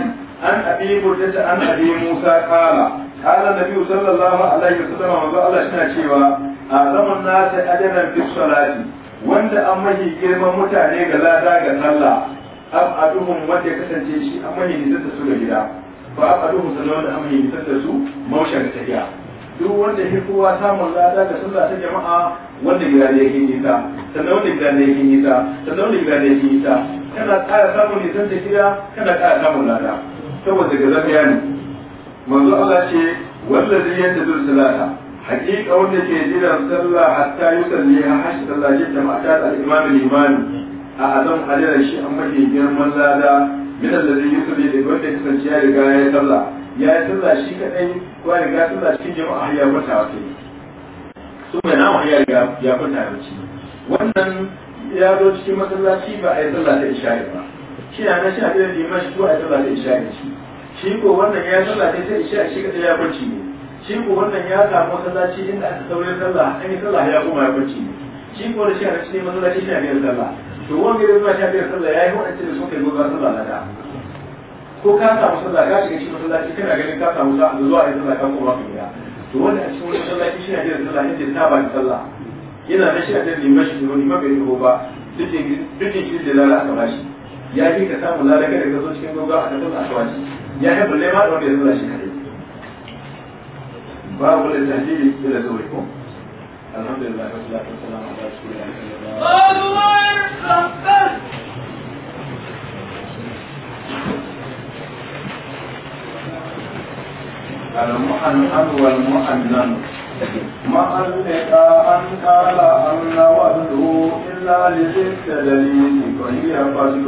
عن ابي برده عن ابي موسى قال قال النبي صلى الله عليه وسلم ما Allah الله cewa شيوا nasi الناس fi في wanda an mahi girma mutane ga lada ga sallah am aduhum wanda ya kasance shi an mahi nisan da su ga gida ba am an mahi su duk wanda ya kowa samun lada ga sallah ta jama'a wanda gida ne yake nisa sannan wanda gida ne yake nisa sannan wanda gida ne yake nisa kana ƙara samun nisan da gida kana ƙara samun lada saboda ga zafiya ne manzo Allah ce wallazi yantazir salata hakika wanda ke jiran sallah hatta salli har shi sallaje jama'ata al-imam al imani a azan hadiran shi an mafi girman lada min allazi yusalli da wanda kasance ya riga ya sallah ya yi sallah shi kadai ko ya riga sallah cikin jama'a ya kwanta wasu su mai har ya riga ya kwanta wasu wannan ya zo cikin masallaci ba a yi sallah da isha'i ba shi na shi a da liman ko a yi sallah da isha'i shi shi ko wannan ya sallah sai sai a shi kada ya kwanci ne shi ko wannan ya samu masallaci inda aka saurin sallah an yi sallah ya koma ya kwanci ne shi ko da shi a cikin masallaci shi a biyar sallah to wanda ya zuwa shi a biyar sallah ya yi waɗance cikin sun kai gobe sallah na da ko ka samu sallah ka shiga shi masallaci kana ganin ka samu sa'a zuwa a yi sallah ka koma ka to wanda a cikin masallaci shi a biyar sallah inda ya ba ni sallah yana da shi a cikin liman shi wani bai rubo ba dukkan da shi da lalata ba shi ya fi ka samu lalata da ka zo cikin gobe a tafi a shi يحب الليمر ما بيقول شيء حديث باب التهديد الى زوجكم الحمد لله والصلاه والسلام على رسول الله الله اكبر المحنن والمحنن ما اللقاء قال أن نود إلا لست دليل فهي فضل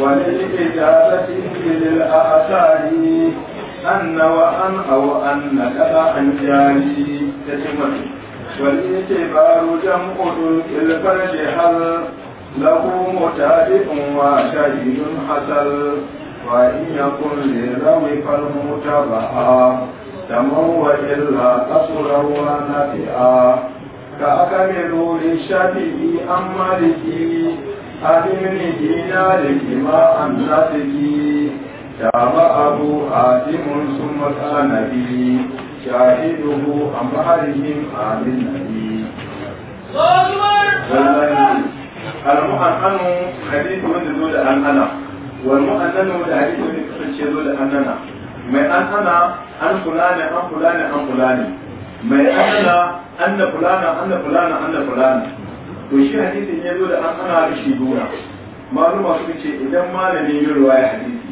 وللإجازة للآثار أن وأن أو أن كذا عن جاري يتمت والاعتبار جمع الفرج هل له متابع وشهيد حصل وإن يكن للروي فالمتبع تمو إلا قصر ونفئا كأكمل للشفيع أم مالكي أتمن دينارك ما أملأتك شاب أبو آدم ثم كان بي شاهده أمهرهم آل النبي المؤمن حديث من ذو الأنأنا والمؤمن الحديث من ذو الأنأنا ما أنأنا أن فلان أن فلان أن فلان ما أنأنا أن فلان أن فلان أن فلان to shi hadisin ya zo da an ana shi gona maluma su ce idan malami ya ruwaya hadisi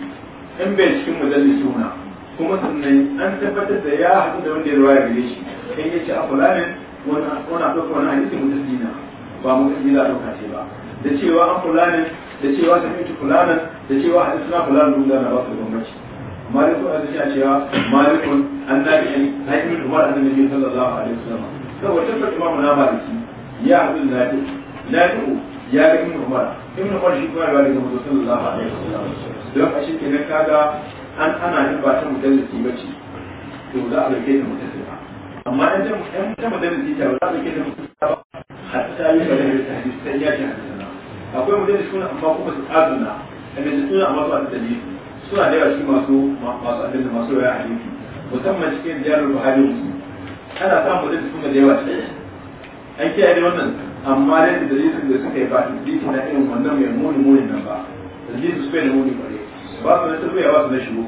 in bai cikin majalis suna kuma sannan an tabbatar da ya haɗu da wanda ya ruwaya gare shi in ya ce a fulanin wani ɗauka wani hadisi mutasdina ba mutasdina ɗauka ce ba da cewa an fulanin da cewa sami tu fulanin da cewa hadisuna fulanin duk da na ba su bambanci مالك أن شيئا مالك أن نبي أن نبي عمر أن النبي صلى saboda عليه وسلم فهو تفت da shi. ya abin lafi lafi ya ga ibn umar ibn umar kuma ya ga mutum sallallahu alaihi wasallam don a shi kenan an ana yin ba ta mudallisi bace to za a rike da mutasila amma in ta mudallisi ta ba za a rike da mutasila ba hatta yi ba da hadisi sai ya ji akwai mudallisi kuma amma kuma su azuna da su suna amma su a dalili suna da yawa shi masu masu adalci masu yawa hadisi musamman cikin ziyarar musu ana samun da yawa cikin an kiyaye wannan amma dai da dalilin da suka yi ba dalilin na irin wannan mai muni muni nan ba dalilin su bai da muni bare ba su na tafiya ba su na shigo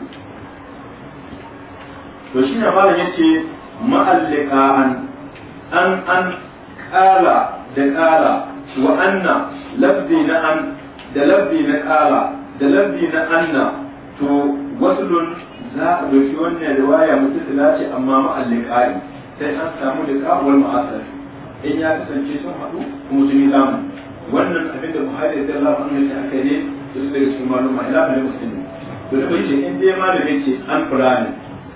to shi na malam yace ma'alliqan an an kala da qala wa anna labbi na an da labbi na kala da labbi na anna to waslun za a dauki wannan riwaya mutum da ce amma ma'alliqai sai an samu da liqa wal ma'asar in ya kasance sun haɗu kuma sun yi wannan abin da muhajir da Allah kun yi aka ne da su daga cikin musulmi to da in dai ce an fulani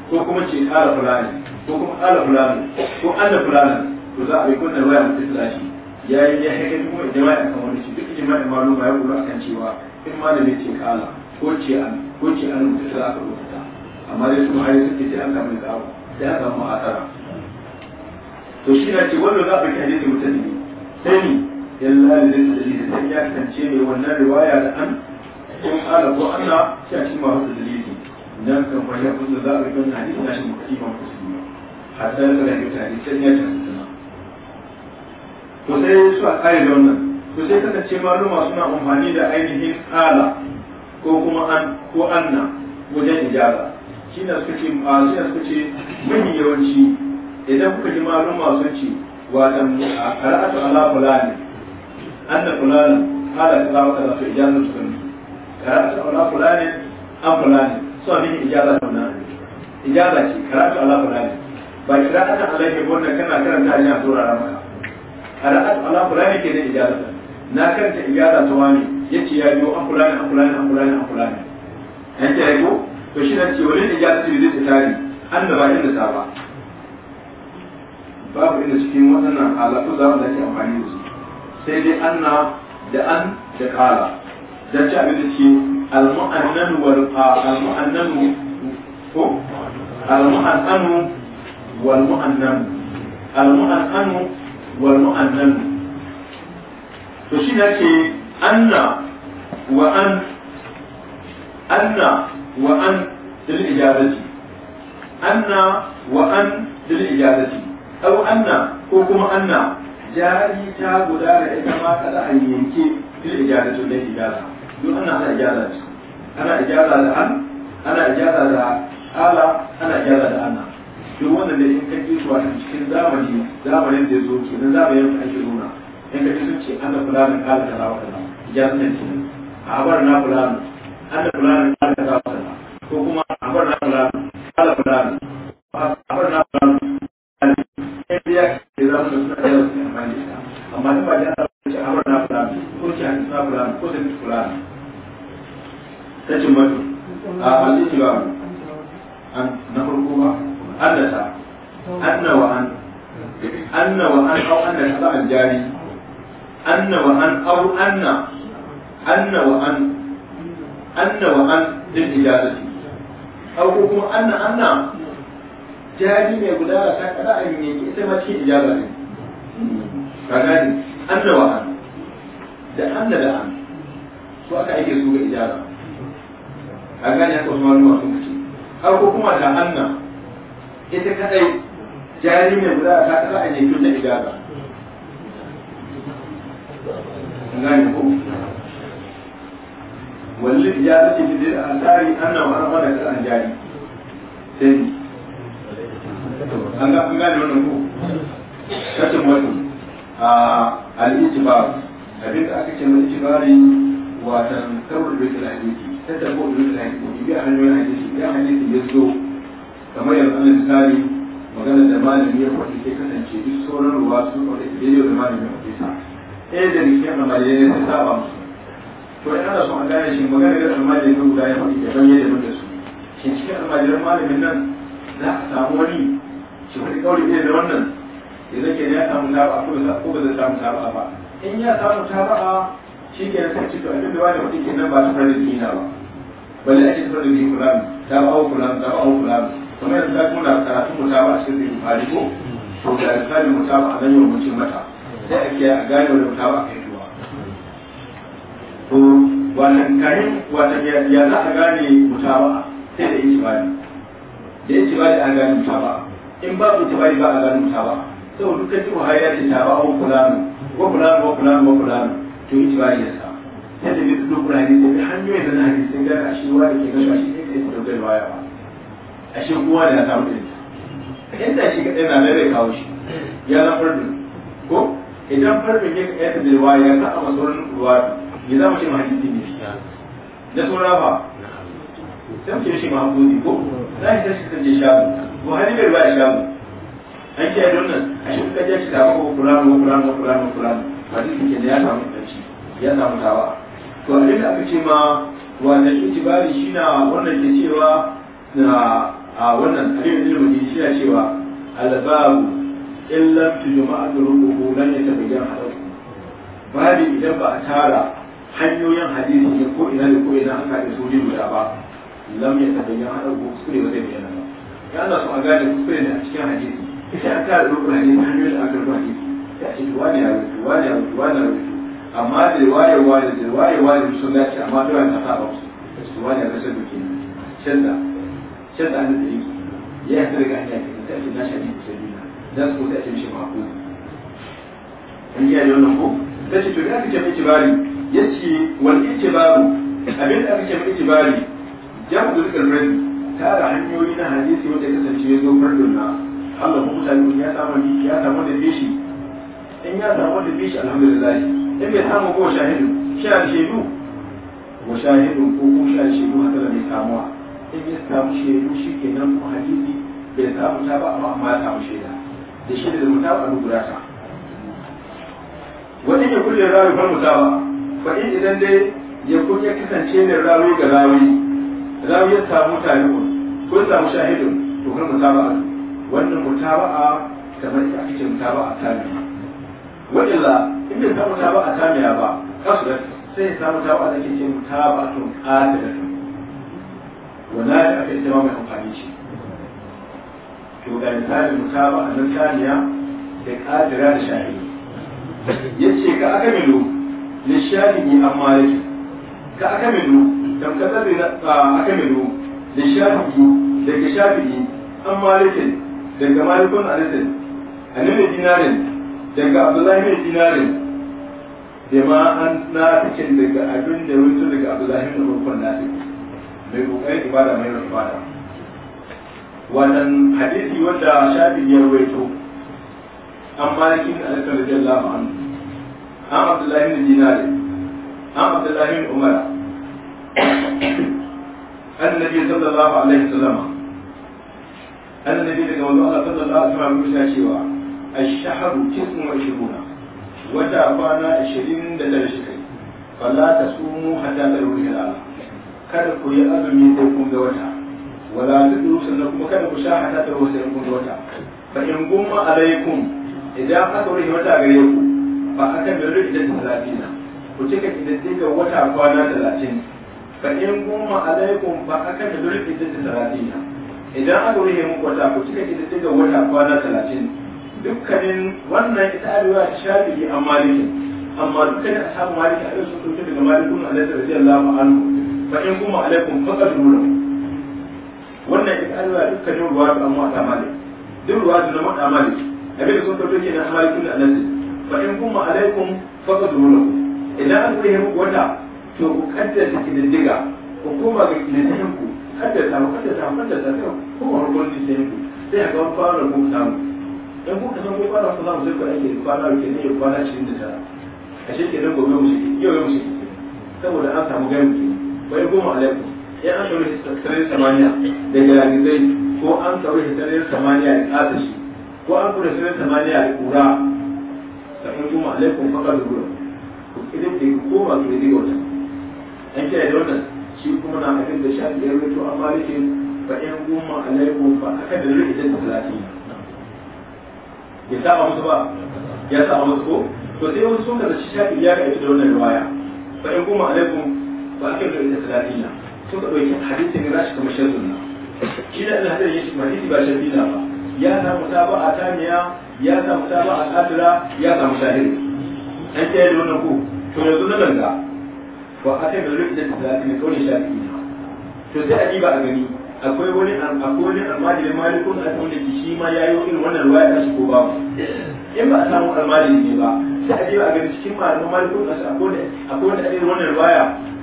ko kuma ce fulani ko kuma fulani ko fulani to za a yi kunna waya mutum da shi ya yi ya haka wani shi duk akan cewa in malami ce kala ko ce an ko ce an mutum da aka rubuta amma dai su suke ce an kamar da aka to shi na ce wanda za a bai hadisi mutane sani yalla da zai da sai ya kance mai wannan riwaya da an kun ala ko anna shi a cikin masu dalili dan kan fa ya kunna za a bai wannan hadisi na shi mukaddima ne hatta da ga mutane sai ya tantana to sai su a kare da wannan to sai kasance maluma suna amfani da ainihin ala ko kuma an ko anna wajen ijara shi ne suka ce shi na suka ce mahi yawanci idan kuka ji malum masu ce wa dan qara'atu ala fulani anna fulana qala kaza wa kaza to ijazatu sunni qara'atu ala fulani an fulani so min ijazatu nan ijaza ce qara'atu ala fulani ba qira'atu alaihi ba wannan kana karanta ajiya a turara maka qara'atu ala fulani ke da ijazatu na karanta ijaza ta wani yace ya biyo an fulani an fulani an fulani an fulani an ce ko to shi na ce wani ijazatu zai tsari an da ba inda sa ba babu inda cikin waɗannan halatu za da ke amfani da su sai dai anna da an da kala dan ci abin da ke al-mu'annan wal al-mu'annan ko al-mu'annan wal mu'annan al-mu'annan wal mu'annan to shi ne ke anna wa an anna wa an lil ijazati anna wa an lil ijazati aw anna ko kuma anna jari ta da ita ma kada an yanke fil ijazatu da ijaza don ana ta ijaza ce ana ijaza da an ana ijaza da ala ana ijaza da anna to wannan da in kake su a cikin zamani zamanin da yazo zo nan zamanin da ake nuna in kake sun ce ana ka da rawa da wa kaza ijaza ne ce a bar na kula ana ka da rawa da wa ko kuma a bar na kula kala fulani a bar na fulani sai ya ce za su suna yau su amfani da amma in ba jan sa ce na fulani ko ce suna fulani ko sai fulani ta ce mutu a aliki ba na farko ba an da ta au an da ta an au an na an na wa an an kuma an na jari mai gudana ta kada a yi ita ma cikin ijaba ne ka gani an da wa'an da an da da'an su aka aike su ga ijaba ka gani haka wasu malama sun kace har ko kuma da anna ita kadai jari mai gudana ta kada a yi tun da ijaba gani ko والذي جاءت في الأثار أنه أنا ولد الأنجاري. an ga kun gane wannan ko kashin wannan al-ijbar abin da aka ce mai ijbari da yake hadisi ta da ko da hadisi bi a hanyar hadisi ya hadisi ya zo kamar yanzu an misali magana da malami ya kwace sai kasance duk sauran ruwa su kwace da yau da malami ya sa ɗaya da rike amaliyai ne ta saba musu to in son a gane shi magana da amaliyai guda ya kwace da ban yadda mun da su shi cikin amaliyan malamin nan za a samu wani shi wani kauri ne da wannan ya zake ne ya samu naba'a ko ba zai samu naba'a ba in ya samu naba'a shi ke sai ci to abin da wani wani ke nan ba ta fara jina ba balle ake tafi da kulam ta ba au kulam ta ba au kulam kuma yanzu ta da karatun mu ta ba cikin da bukari ko to da misalin mu ta a nan yau mutum mata sai ake a gane wani mu a kai tuwa to wannan karin wata ya za a gane mu ta ba sai da bani? da bani a gane mu in ba ku tibari ba a ganin ta ba sau duka ci buhari ya ce ta ba wa fulano ko fulano ko fulano ko fulano to yi tibari ya sa ya tafi duk duk fulani ko hannu hanyoyin da na hadisi sun ga ashe wa da ke ga shi ne kai fito da waya ba shi kuwa da ta samu ilimi in da shi kaɗai na mai bai kawo shi ya na fardin ko idan fardin ya kaɗai da zirwa ya ka a masorin ruwa ya za shi ce hadisi ne na sauran ba sai mu ce shi ma ko za shi ta shi ta je shagun buhari bai ba illa mu an ce yadda nan a shi kuka je shi da mako fulano fulano fulano fulano hadisi ke da ya samu tsanci ya samu tawa to a da aka ce ma wanda itibari shi na wannan ke cewa na a wannan alimin ilmi shi na cewa albabu in lam tujma'a turuquhu lan yatabayyan hadaku babu idan ba a tara hanyoyin hadisi ko ina da ko ina an kaɗe su guda ba lam yatabayyan hadaku su ne ba zai bayyana ya za su an gane kuskure ne a cikin hadisi ita an tara rukun hadisi hanyoyin da aka rubuta hadisi ya ce wani ya rubuta wani ya rubuta wani ya rubuta amma da waye waye da waye waye sun dace amma to yana saba su da su wani ya rasa duke canza canza an da yi ya yi daga hanya ke ta ce na shaɗi da sabina dan su ta ce mishi mako an yi da wannan ko ta ce to da aka ce mai kibari ya ce wani itibaru abin da aka ce mai kibari jamu da dukkan tara hanyoyi na hadisi wanda ya kasance ya zo fardun dunna Allah ko mutane ya samu ya samu da bishi in ya samu da bishi alhamdulillah in bai samu ko shahidu sha shaidu ko shahidu ko ko sha shaidu haka da bai samu in ya samu shaidu shikenan ko hadisi bai samu ta ba amma amma ya samu shaida da shi da mutaba a rubuta ta wani ya kulle ya fa mutaba fa in idan dai ya kun ya kasance ne rawi ga rawi zamu ya samu tabi'un ko samu shahidun to kar mutaba'a wannan mutaba'a kamar ita ake mutaba'a tabi'a wa illa in bai samu mutaba'a tabi'a ba kasu sai ya samu mutaba'a da ke ce mutaba'atun qadiratun wannan da aka yi ma mai amfani shi to ga misalin mutaba'a nan tabi'a da qadira da shahidi yace ka aka milu lishani amma yake ka aka milu da kasar da aka milu da shafi'i daga shafi'i an malikin daga malikun anisin a nuna dinarin daga abdullahi mai dinarin jama an nafikin daga abin da wuce daga abdullahi mai rukun nafik mai kokarin ibada mai ibada wannan hadisi wanda shafi'i ya ruwaito an malikin anisin radiyallahu anhu an abdullahi mai dinarin an abdullahi mai umara annabi sallallahu alaihi wasallam annabi daga wanda Allah sallallahu alaihi wasallam ya cewa ash-shahru tis'un wa ishruna wata kwana da shi kai fala tasumu hatta taruhi al kada ku yi azumi sai kun ga wata wala ta tudu sannan kuma kada ku sha hatta taruhi sai kun ga wata fa in gumma alaikum idan aka rufe wata gare ku ba akan da rufe da talatina ku cika kididdiga wata kwana talatin fa in goma alaikum ba aka da dole ki tsaya idan aka rufe muku wata ku cika ki wata kwana talatin dukkanin wannan ita alwa shafi'i a amma dukkanin ashabu maliki a su kuta daga malikun alaihi radiyallahu anhu fa in goma alaikum faqad dole wannan ita alwa dukkanin ruwa da amma ta maliki duk ruwa da amma ta maliki abin da sun fito kenan malikun alaihi fa in goma alaikum faqad idan aka rufe muku wata to kaddasa kididdiga ko kuma ga kididdigan ku ta mu kada ta ta ko kuma rukun ta ku sai ga fara ku mu dan ku kasan ku fara ku samu sai ku ake fara ku ne ku fara cikin da tara a shi kenan gobe mu shi yau yau shi saboda an samu gami ke bai goma alaikum ya an sauri sararin samaniya da galagizai ko an sauri sararin samaniya da tsata shi ko an kura sararin samaniya da kura sa'in goma alaikum ka da gura idan ke ko koma ke da wannan an kiyaye da wannan shi kuma na hadin da shafi ya rubuto a malikin fa in goma alaikum fa aka da rubuta da talatin ya saba musu ba ya saba musu ko to sai wani sun da shafi ya kai da wannan riwaya ba in goma a alaikum fa aka da rubuta talatin sun ka dauki hadisin da shi kamar shirin nan shi da Allah ya shi hadisi ba shirin ba ya samu saba a tamiya ya samu saba a katira ya samu shahiri an kiyaye da wannan ko to yanzu na ganga wa aka da rufe da islami mai kauli shafi to sai a diba a gani akwai wani akwai wani almajiri da malikun a cikin shi ma yayi wani irin wannan ruwaya ta shi ko ba in ba a samu almajiri ne ba sai a diba a gani cikin malaman malikun a akwai akwai wani wannan ruwaya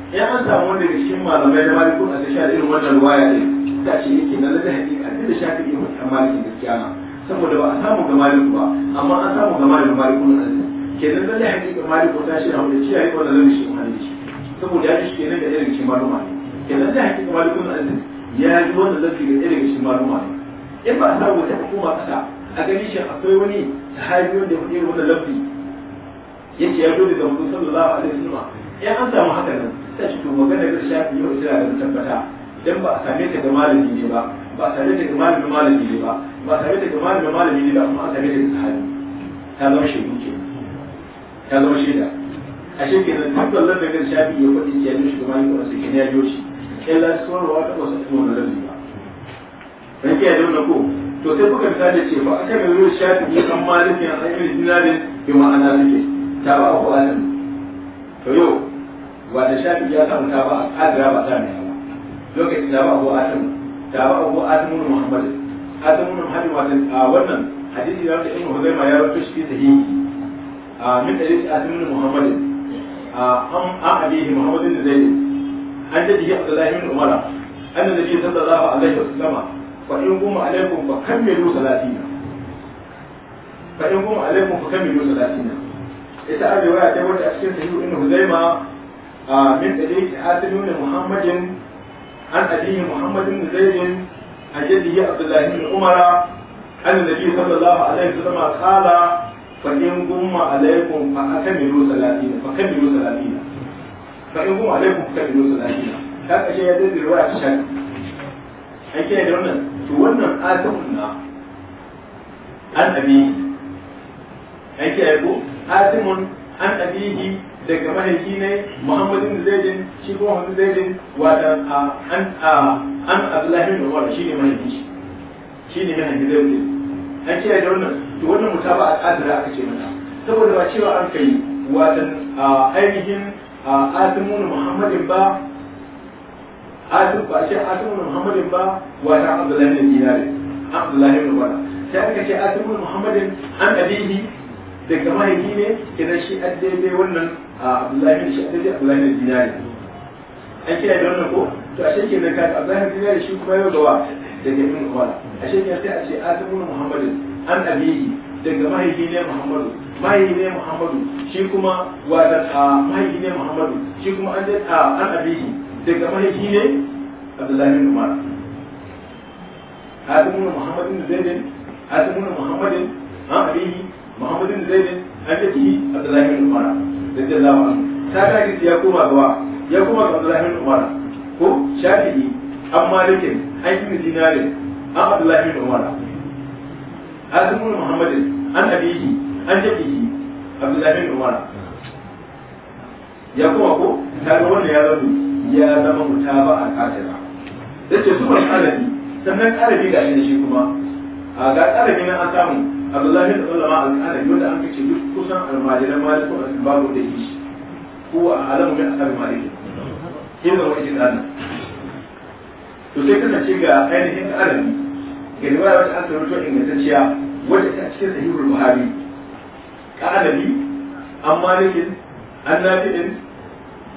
in an samu wanda daga cikin malamai da malikun a sha irin wannan ruwaya din ta ce yake na da hakika duk da shafi ne wannan malikin gaskiya na saboda ba a samu ga malikun ba amma an samu ga malikun malikun a kenan da hakika malikun ta shi na wanda ciyayi ko da zai shi wani saboda ya ji shi kenan da irin cikin maluma ne kenan da hakika malikun aziz ya ji wannan zai ga irin cikin maluma ne in ba a sa wata hukuma kasa a gani shi akwai wani sahabi wanda ya faɗi wannan lafi yake ya dole da mutum sallallahu alaihi wasallam ya an samu haka nan ta shi to magana da shafi yau sai da tabbata idan ba a same ta ga malami ne ba ba a same ta ga malamin malami ne ba ba a same ta ga malamin malami ne ba kuma a same ta ga sahabi ta zama shi ke ta zama shaida a ke nan duk sallar da kan shafi ya faɗi ya yi shi kuma yi kuma sai ya yi shi kai la suwar wa ta wasu kuma na rabbi ba ban ke yadda da ko to sai kuka fita da ce ba a ga yau shafi ne kan maliki na sai ibn dinarin bi ma'ana suke ta ba ku alim to yau ba da shafi ya samu ta ba kadira ba ta ne ba lokacin da ba ku alim ta ba ku alim muhammad alim muhammad wannan a wannan hadisi da Ibn Huzaima ya rawaito shi sahihi a min hadisi alim muhammad an abihi muhammad bin zaid an jaddihi abdullahi bin umara anna nabi a alaihi wasallam fa in gum alaikum fa kammilu salatina fa in gum alaikum fa kammilu salatina ita a riwaya ta wata a cikin sahihu ibn huzaima min tariqi hatim muhammadin an abihi muhammad bin zaid an jaddihi abdullahi bin umara anna nabi sallallahu alaihi wasallam qala فإن قم عليكم فأكملوا ثلاثين فكملوا ثلاثين فإن قم عليكم فكملوا ثلاثين هذا شيء يدل رواية الشك أي شيء يدل تولنا آتمنا عن أبيه أي شيء يقول آتم عن أبيه daga mahaifi ne Muhammadin Zaidin shi kuma Muhammad Zaidin wata an an Abdullahi bin Umar shine mahaifi shine mahaifi Zaidin an kiyaye da wannan to wannan mutaba a kadira aka ce mana saboda ba cewa an kai watan ainihin asimun muhammadin ba asim ba ce asimun muhammadin ba watan abdullahi ne dinare abdullahi ne wala sai aka ce asimun muhammadin an abihi daga mahaifi ne kenan shi addaidai wannan abdullahi ne shi addaidai abdullahi ne dinare an kiyaye da wannan ko to a shekin da ka abdullahi ne dinare shi kuma yau gawa daga ibn wala a shekin sai a ce asimun muhammadin an abiyi daga mahaifi ne muhammadu mahaifi ne muhammadu shi kuma da ta mahaifi ne muhammadu shi kuma an a an abiyi daga mahaifi ne abdullahi bin umar hadimun muhammadin zaidin na muhammadin an abihi muhammadin zaidin an yake abdullahi bin umar radiyallahu ta kaga hadisi ya kuma gawa ya kuma ga abdullahi bin umar ko shafi'i amma lakin an yi dinarin an abdullahi bin umar hasim bin muhammad an abihi an jabihi abdullahi bin umar ya kuma ko ta ga wannan ya zama ya zama mutaba a kasira yace su ban arabi sannan alabi ga shi kuma a ga alabi nan an samu abdullahi bin ulama al alabi wanda an kace duk kusan al-mali almajiran maliku al-babu da shi ko a alamu min asabi maliki yin da wani jin to sai kana ce ga ainihin alabi. ga riwaya wacce an tarwato ingantacciya wacce a cikin sahihul buhari ƙa'adadi an malikin an nafi'in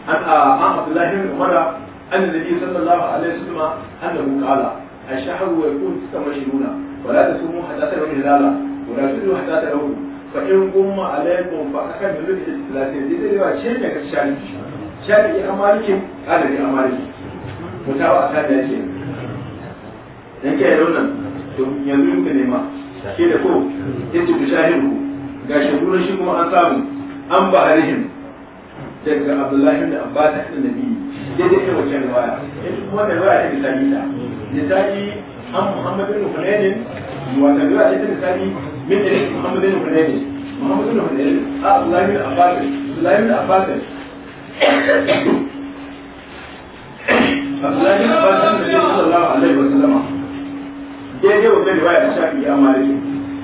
ah, an abdullahi bin umara an nabi sallallahu alaihi wasallam annahu qala ash-shahru wa yakun tisama shuruna wa la tasumu hatta tara min hilala wa la tasumu hatta tara hu fa in umma alaikum fa akan min lidi tilatin dai dai wa shi ne ka shari shari an malikin qala ni an malikin mutawa akan yake dan ke yaron nan yanzu muka nema ke da ko ya ce shahidu ga shahuran shi kuma an samu an ba harihim daga abdullahi da abbas da nabi ya ce kai wacce riwaya ya kuma da riwaya ta misali ta misali an muhammadu bin hunainin wata riwaya ta misali min da muhammadu bin hunainin muhammadu bin hunainin abdullahi bin abbas abdullahi bin abbas sai dai wannan riwaya shafi an maliki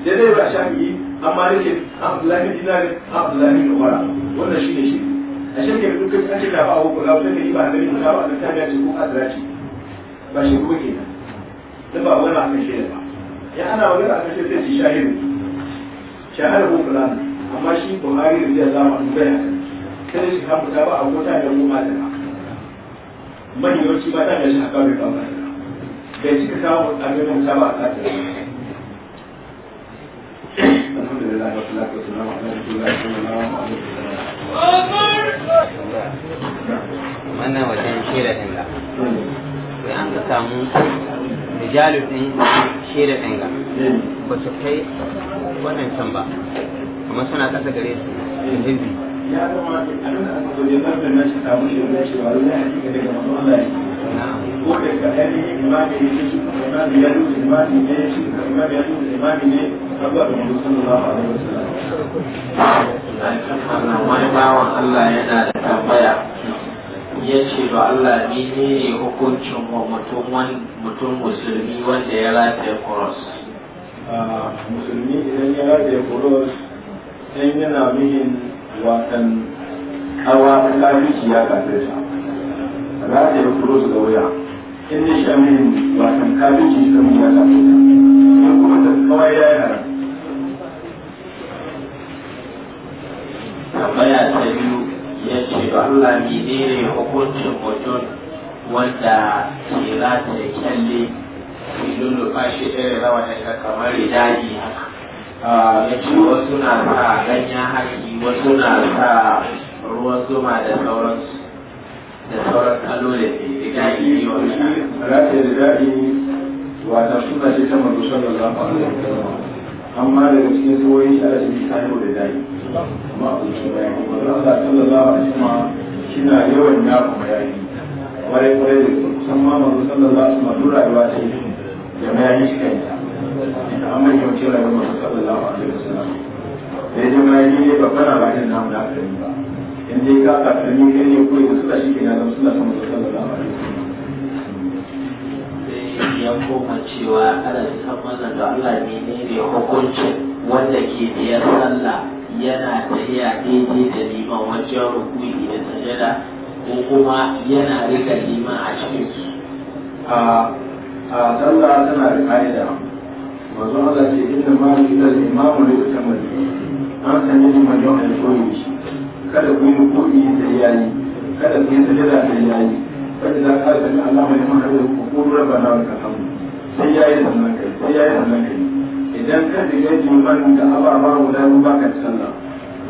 sai dai shafi an maliki abdullahi bin abdullahi bin umar wannan shine shi a shirke dukkan an ce da ba abu kula sai kai ba ba da ta ko azraci ba shi ko nan da ba wani akan shi ba ya ana wani akan shi sai shi shahidu shahidu fulan amma shi buhari da zai zama an bayyana sai shi kan fita ba a mota da mu ma da manyan yawanci mata da shi haka bai kawo bai cika samun abin musa ba a tsakiyar wannan wajen shira din sai an ka samu rijalu din shira din ba su kai wannan can ba kuma suna kasa gare su da hizbi ya zama abin da aka zo ya zarta na shi samu shi da shi ba wani ya daga masu Allah waɗanda ainihin imani ne shi imani ya nuna imani ne shi imani ya nuna imani ne abu da mutum sallallahu alaihi wasallam wani bawan Allah yana da tambaya ya ce ba Allah ni ne hukuncin wa mutum musulmi wanda ya rataya kuros ah, musulmi idan ya rataya kuros sai yana mihin watan hawa ta dukiya kafin sa rataya kuros da wuya sai zai sha min wasan kafinci shi kamar ya samu ta kuma ta kawai ya yi haram tambaya ta biyu ya ce Allah mi ne hukuncin mutum wanda ke rata da kyalle filin lufashi ɗaya rawa daga kamar ridani haka ah, ya ce wasu na sa ganyen haki wasu na sa ruwan zuma da sauransu da sauran allolin da ke yi wa rata da da'i wata suna ce ta manzo sallallahu alaihi wasallam amma da cikin soyayya shi ala shi ta yi da da'i amma a cikin bayan kuma Allah sallallahu alaihi wasallam shi na yawan ya kuma yayi kwarai kwarai da kusan ma manzo sallallahu alaihi wasallam duk rayuwa ce da mayayi shi kanta da amma yau ce rayuwar manzo sallallahu alaihi wasallam da ya ji mayayi ne babban alhakin namu da aka yi ba in dai ka ka kalmi ne ne koyi da suna shi ke na zama suna sama da sallallahu alaihi ya koma cewa ana san mana da Allah ne ne hukuncin wanda ke biyar sallah yana tafiya daidai da liman wajen rukuni da sajada ko kuma yana rika liman a cikin su a sallah tana da ka'ida manzon Allah ce inna ma yu'tal imamu ta yutamma an sanya liman yawan koyi shi kada ku yi ruku'i da yayi kada ku yi sujada da yayi kada za ka sami Allah mai mun da ku ku rabbana ka kasamu sai yayi sannan kai sai yayi sannan kai idan ka diga liman da ababa guda biyu ba ka sallah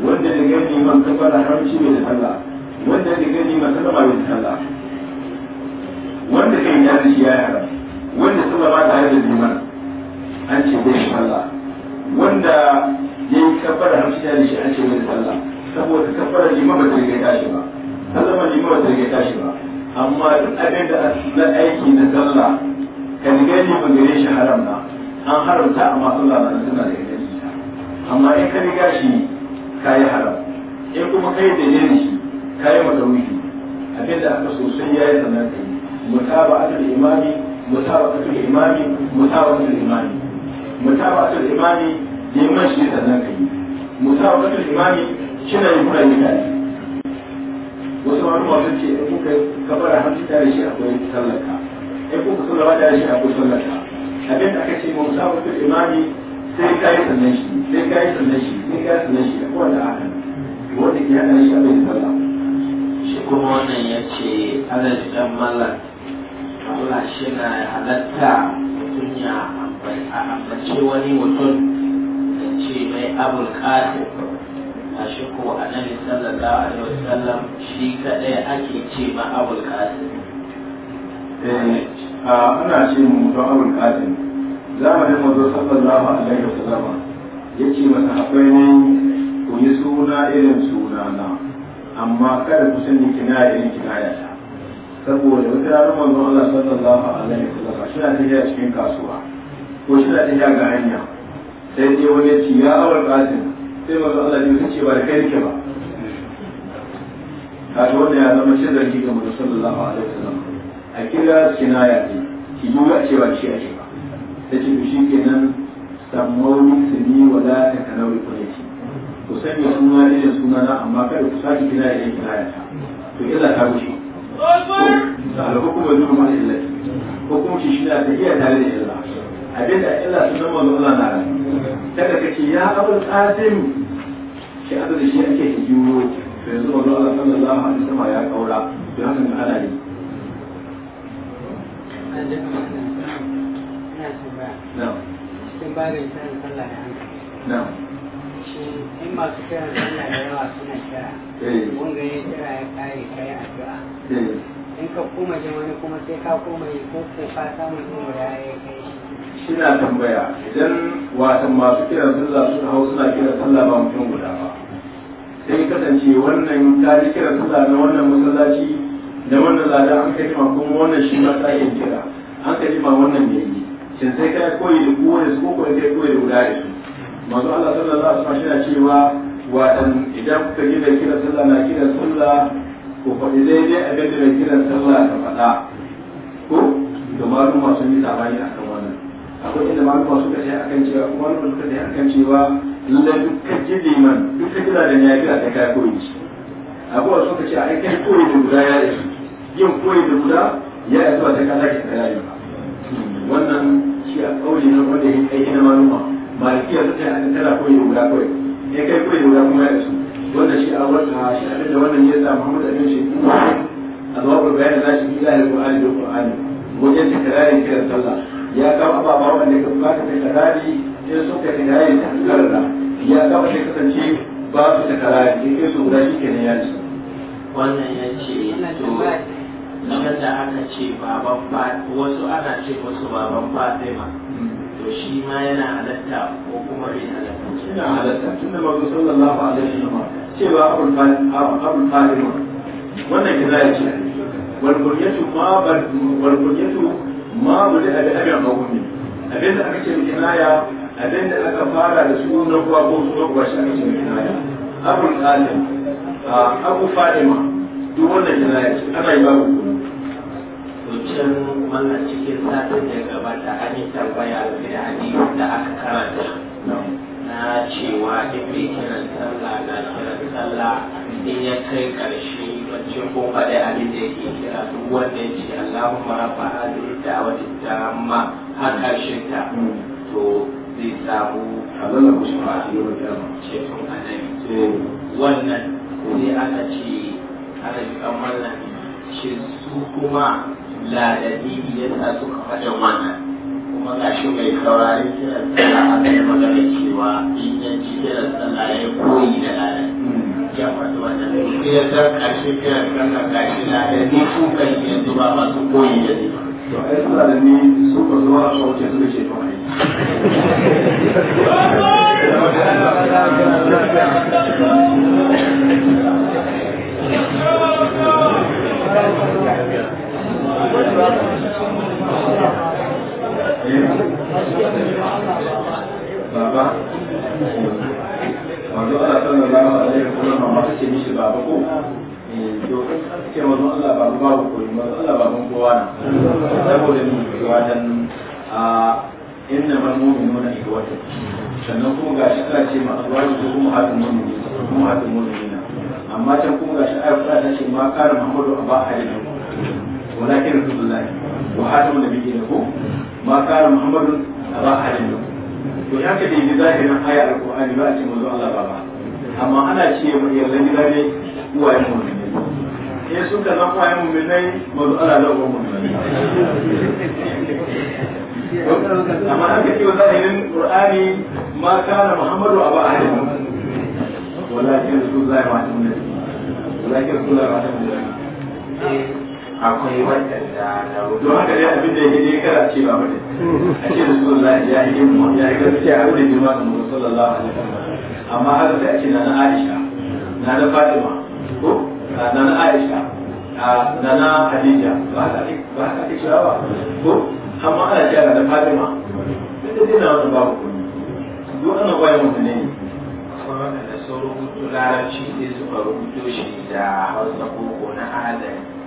wanda diga man ka fara haramci mai da sallah wanda diga man ka ba bai da sallah wanda kai ya shi ya yara wanda sun ba yi da liman an ce bai sallah wanda yayi kabbara harci da shi an ce bai sallah saboda tabbatar liman ba ta rike tashi ba sallama liman ba ta rike tashi ba amma duk abin da na aiki na sallah ka rike liman gare shi haram na an haramta amma sallah na suna da gare shi amma in ka riga shi ka yi haram in kuma kai da yin shi ka yi matawihi abin da aka so sun yayi sannan ka yi mutaba'atul imami mutaba'atul imami mutaba'atul imami mutaba'atul imami liman shi sannan ka yi mutaba'atul imami shi ne kuna yi tare wasu wani masu ce in eh, kuka kabara hamsin tare shi akwai sallaka in eh, kuka sallama tare shi akwai sallaka abin da aka ce mu samu fil imani sai ka kai sannan shi sai ka kai sannan shi sai ka kai sannan shi a ko da aka wanda ke hada shi a bai sallah shi kuma wannan ya ce alaji dan mallan Allah shi na halatta mutum ya ambace wani mutum da ce mai abul qasim a shi ko annabi sallallahu alaihi wasallam shi kadai ake ce ma abul qasim eh ana ce mu mutum abul qasim zamanin manzo sallallahu alaihi wasallam yace masa akwai ne ku yi suna irin sunana amma kada ku sani kinaya irin kinaya ta saboda wata ranar manzon Allah sallallahu alaihi wasallam shi ne tafiya cikin kasuwa ko shi ne ya ga hanya sai dai wani ya ci ya awar qasim sai manzo Allah ne ce ba da kai ke ba kaji wanda ya zama cin zargi ga mutum sallallahu alaihi wasallam a kira kinaya ne ki duba a cewa shi ake ba ta ce shi kenan sammoni su ni wala ta kanawi kulaki ku sanya suna ne da suna na amma kada ku saki kinaya ne kinaya ta to illa ta wuce da alhukum wa zuma ma illa hukunci shi ta iya tare da Allah. abin da illa su zama ga Allah na kada ka ce ya abul qasim shi a da shi ake hijiyo to yanzu manzo Allah sallallahu alaihi wasallam ya kaura to haka ne ana yi cikin babin kiran sallah da hankali shi masu kiran sallah da yawa suna kira eh. wanda ya kira ya kare kai addu'a eh. in ka koma jin wani kuma sai ka koma yi ko ko ka samu ɗora ya kai shi suna tambaya idan watan masu kiran za su hau suna kiran sallah ba mutum guda ba sai kasance wannan ta ji kiran sallah na wannan masallaci da wannan zada an kai ma kuma wannan shi ma ta kira an kai ma wannan ne yi shin sai kai koyi da da su ko kai koyi da guda da su manzo Allah sallallahu alaihi wasallam shi cewa watan idan kuka ji da kiran sallah na kiran sallah ko faɗi dai-dai a da kiran sallah ka faɗa ko da malum masu yi sabani akan akwai inda malama suka ce akan cewa malama suka ce akan cewa lallai duka man duka jila da ya fi a kai koyi shi akwai wasu suka ce a kai koyi da guda ya isu yin koyi da guda ya isu a ta kai ta kai ba wannan shi a kauli na wanda ya kai na ma malikiya suka ce a tana koyi da guda koyi ya kai koyi da guda kuma ya isu wanda shi a wata shi a da wannan ya sa Muhammad Amin shi a zuwa bayanin shi ila al-Qur'ani da Qur'ani wajen tikrarin kiran sallah ya ga kawo ababa wanda ya kafa ta da karari ya suka da yayin ta karara ya ga shi kasance ba su da karari ya ke su guda shi kenan ya ci wannan ya ce to kamar da aka ce baban ba wasu ana ce wasu baban ba sai ma hmm. to shi ma yana halatta ko kuma bai halatta yana halatta tun da mazu sallallahu alaihi wa ce cewa abul fatima wannan ya ce wal kunyatu ma wal kunyatu ma mu da al'adar mahimmi abinda aka ce kinaya abinda aka fara da su na kuwa ko su kuwa shi aka ce kinaya abul qasim abu fadima duk wannan kinaya ce ana yi babu wancan wannan cikin satin da gabata an yi tambaya da hadisi da aka karanta na cewa in bai kiran sallah na kiran sallah in ya kai ƙarshe kun faɗi abin da yake kira duk wanda ya ce Allahumma rabba hadhihi da'wati tamma har karshen ta to zai samu halalla ku shi ma a cikin ceton annabi eh. wannan sai aka ce ana yi kamar nan shi su kuma ladadi ya sa suka faɗin wannan kuma ga shi mai saurari kiran sallah a kan magana cewa in yanci kiran sallah ya koyi da ladadi hmm. iya faɗi wata sai ya ta ƙarshe kai kanka ƙarshe na da ni su kan yanzu ba ba su koyi da ni to ai suna da ni su ba su su da ne eh? Baba, manzo Allah sallallahu alaihi wasallam ma ta ce mishi ba ba ko eh, to ce manzo Allah ba ba ko manzo Allah ba mun kowa na saboda ni wajen a inna man mu'minuna ikhwatu sannan kuma gashi Allah ce ma azwaju kuma hatul mu'minin kuma hatul mu'minin amma can kuma gashi ayat ta ce ma kana Muhammadu a ba hadin walakin rasulullahi wa hatul nabiyyi ko ma kana Muhammadu a aba hadin to ya ka dai zahirin aya alqur'ani ba a ce manzo Allah ba ba amma ana ce mu yallan gida ne uwayen mu'minai ne sun ka zan mu mu'minai manzo Allah da uwayen mu'minai amma an ka ce zahirin qur'ani ma kana muhammadu aba ahadin walakin rasulullahi wa sallam walakin rasulullahi wa sallam akwai waɗanda da rudu haka dai abin da yake dai kara ce ba bane a ce rasulullahi ya yi mu ya yi gaskiya abin da girma da mu sallallahu alaihi wasallam amma haka da ake na na Aisha na na Fatima ko na na Aisha na na Khadija ba ta ba ta ake cewa ba ko amma ana cewa na Fatima duk da na wannan babu kuma duk wannan bayan mutane ne sauran da sun rubutu larabci sai suka rubuto shi da hausa ko na adali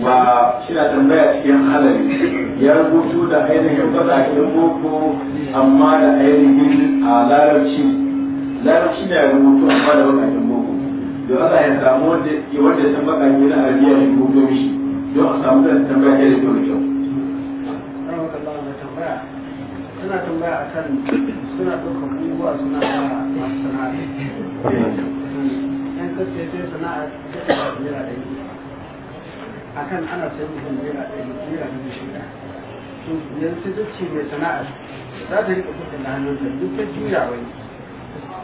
ba shi na tambaya cikin halari ya rubutu da ainihin bazakin boko amma da ainihin a larabci larabci ya rubutu amma da bakakin boko don Allah ya samu wanda ya san bakakin na arabiya shi rubuto mishi don a samu da tambaya ya rubuto da kyau suna tambaya a kan suna ɗaukar abubuwa suna masu sana'a yan eh. kasance sana'a da ɗari akan ana sayar da naira ɗaya naira dubu shida to yanzu duk ce mai sana'a za ta riƙa kuɗin da hannun da duk ta juya wani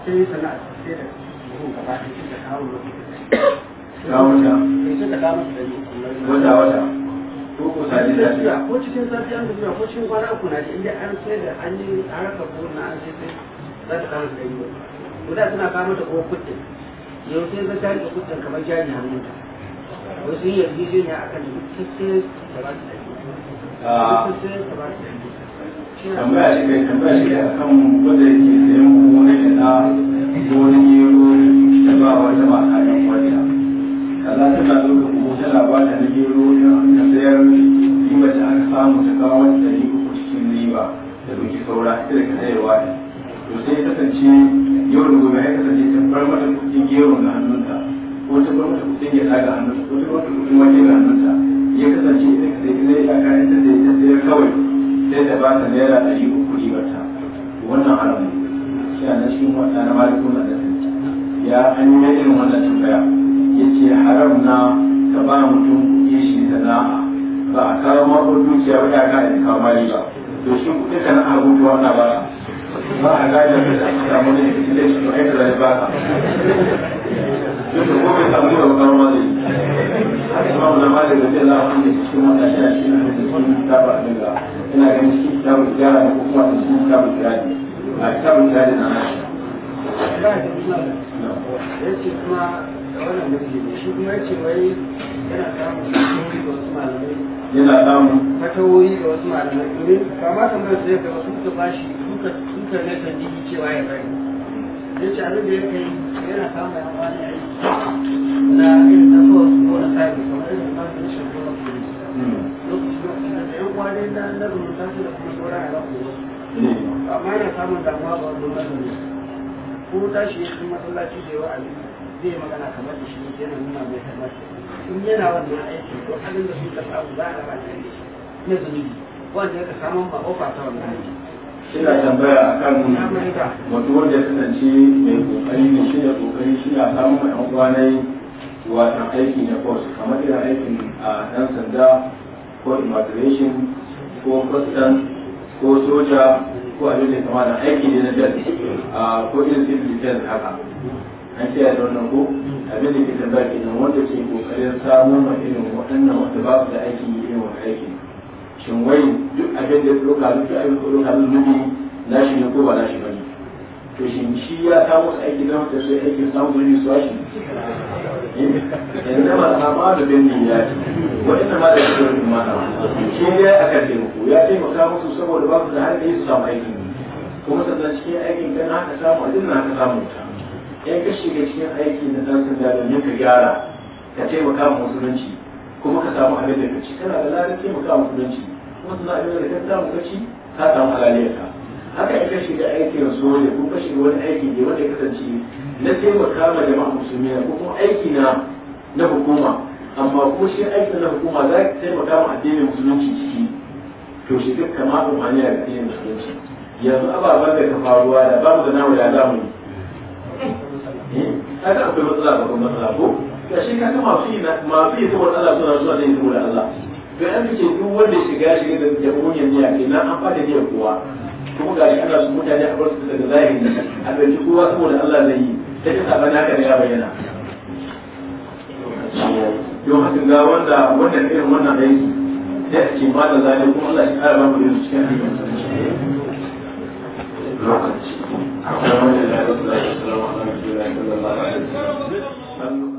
sai sana'a sai da buhu gaba ɗaya shi ta kawo da kuɗi sai ta kawo da kuɗi da wata ko cikin safi an zuwa ko cikin kwana uku na inda an sai da an yi haraka ko na an sai sai za ta kawo da ko guda suna kawo da ko kuɗin yau sai zai ta riƙa kuɗin kamar jari hannun da. wasu yarjejeniya a kan tattare da ah. ba su tambaya shi kai tambaya shi a kan wanda ke sayan wani kiɗa ko wani yero da ba wata mata ɗan kwalliya kaza tana ɗauka kuma tana ba ta na yero da ta sayar riba da aka samu ta kawo wata ɗari uku cikin riba da ɗauki saura ita da ka sayarwa ne to sai ya kasance yau da gobe ya kasance ta bar mata kuɗin gero na hannunta wata gwamnati kudin ya ga hannunta wata gwamnati kudin wani ga hannunta ya kasance idan ka zai zai ya kayan ta da ta sayar kawai sai da ba ta naira ɗari uku ribarta wannan haramun shi a nan cikin wata na malikun da ya an yi irin wannan tambaya ya ce haram na ka ba mutum kuɗi shi sana'a ba a kawo mako dukiya ba ya kada ka kawo mali ba to shi kuɗi kana a rubuta wannan ba ba a gane da ake samu da ya fi da shi to aikata da ba ka yadda ko bai samu yau kan wani imam na mali da zai lafi da cikin wanda shi a cikin da cikin a ina ganin cikin kitabu gyara ne ko kuma da cikin kitabu tirani a kitabu tirani na nashi yace kuma wannan musulmi shi kuma yace wai yana samun wasu malamai yana samun fatawoyi ga wasu malamai domin kamata mai zai wasu suka bashi suka ne kan cewa ya bari yace abin da yake yana samun amfani a yi na irin na force da yan kwane na na rubuta su a rafi hmm. yana ko masallaci da yawa abin zai magana kamar da shi yana nuna mai tabbaci in yana wannan aiki ko abin da ta samu za a raba shi ne zunubi wanda ya ka saman ba ofa ta wannan aiki suna tambaya akan kan mutum wanda ya kasance mai kokari ne shi da kokari shi na samun yan uwanai watan aiki na force kamar irin aikin a ɗan sanda ko immigration ko custom ko soja ko abin da kama da aiki ne na jan ko irin civil defense haka an kiyaye don nan ko abin da ke tambaya ke nan wanda ke kokarin samun irin waɗannan wanda ba su da aiki irin wani aiki shin wai duk abin da ya tsoka duk abin da tsoka zunubi na shi ne ko ba na shi ba ne to shin shi ya samu aiki na da sai aikin samu zunubi su shi eh, yanzu ma ta ma da bin ya ce wa'inda ma da shi ma ta shi ya kan taimako ya taimaka musu saboda ba su da hankali su samu aikin kuma sannan cikin aikin kan haka samu a dinna haka samu ta in ka shiga cikin aiki na dan sanda domin ka gyara ka taimaka musulunci kuma ka samu abin da ka ci kana da ladan taimaka musulunci kuma a zaɓi wani ka samu kaci ka samu halaliyarka haka in ka shiga aikin soja ko ka shiga wani aiki ne wanda ya kasance na taimaka ma jama'a musulmi ko kuma aiki na na hukuma amma ko shi aiki na hukuma za ka taimaka ma addinin musulunci ciki to shi duk kama umarni ga addinin musulunci yanzu ababen da ka faruwa da ba mu da namu da za mu yi eh, kaga akwai matsala ba ko matsala ko ga shi kaga masu yi masu yi saboda Allah suna zuwa ne saboda Allah don ce duk wanda shiga shiga da jami'un yanzu ya ke nan an fata biyan kowa kuma ga shi ana su mutane a bar daga zahiri a ɗauki kowa saboda Allah zai yi ta ta saba naka da ya bayyana don haka ga wanda wanda irin wannan aiki a yi da zane kuma Allah shi kara mamu yanzu cikin hanyar lokaci akwai wanda a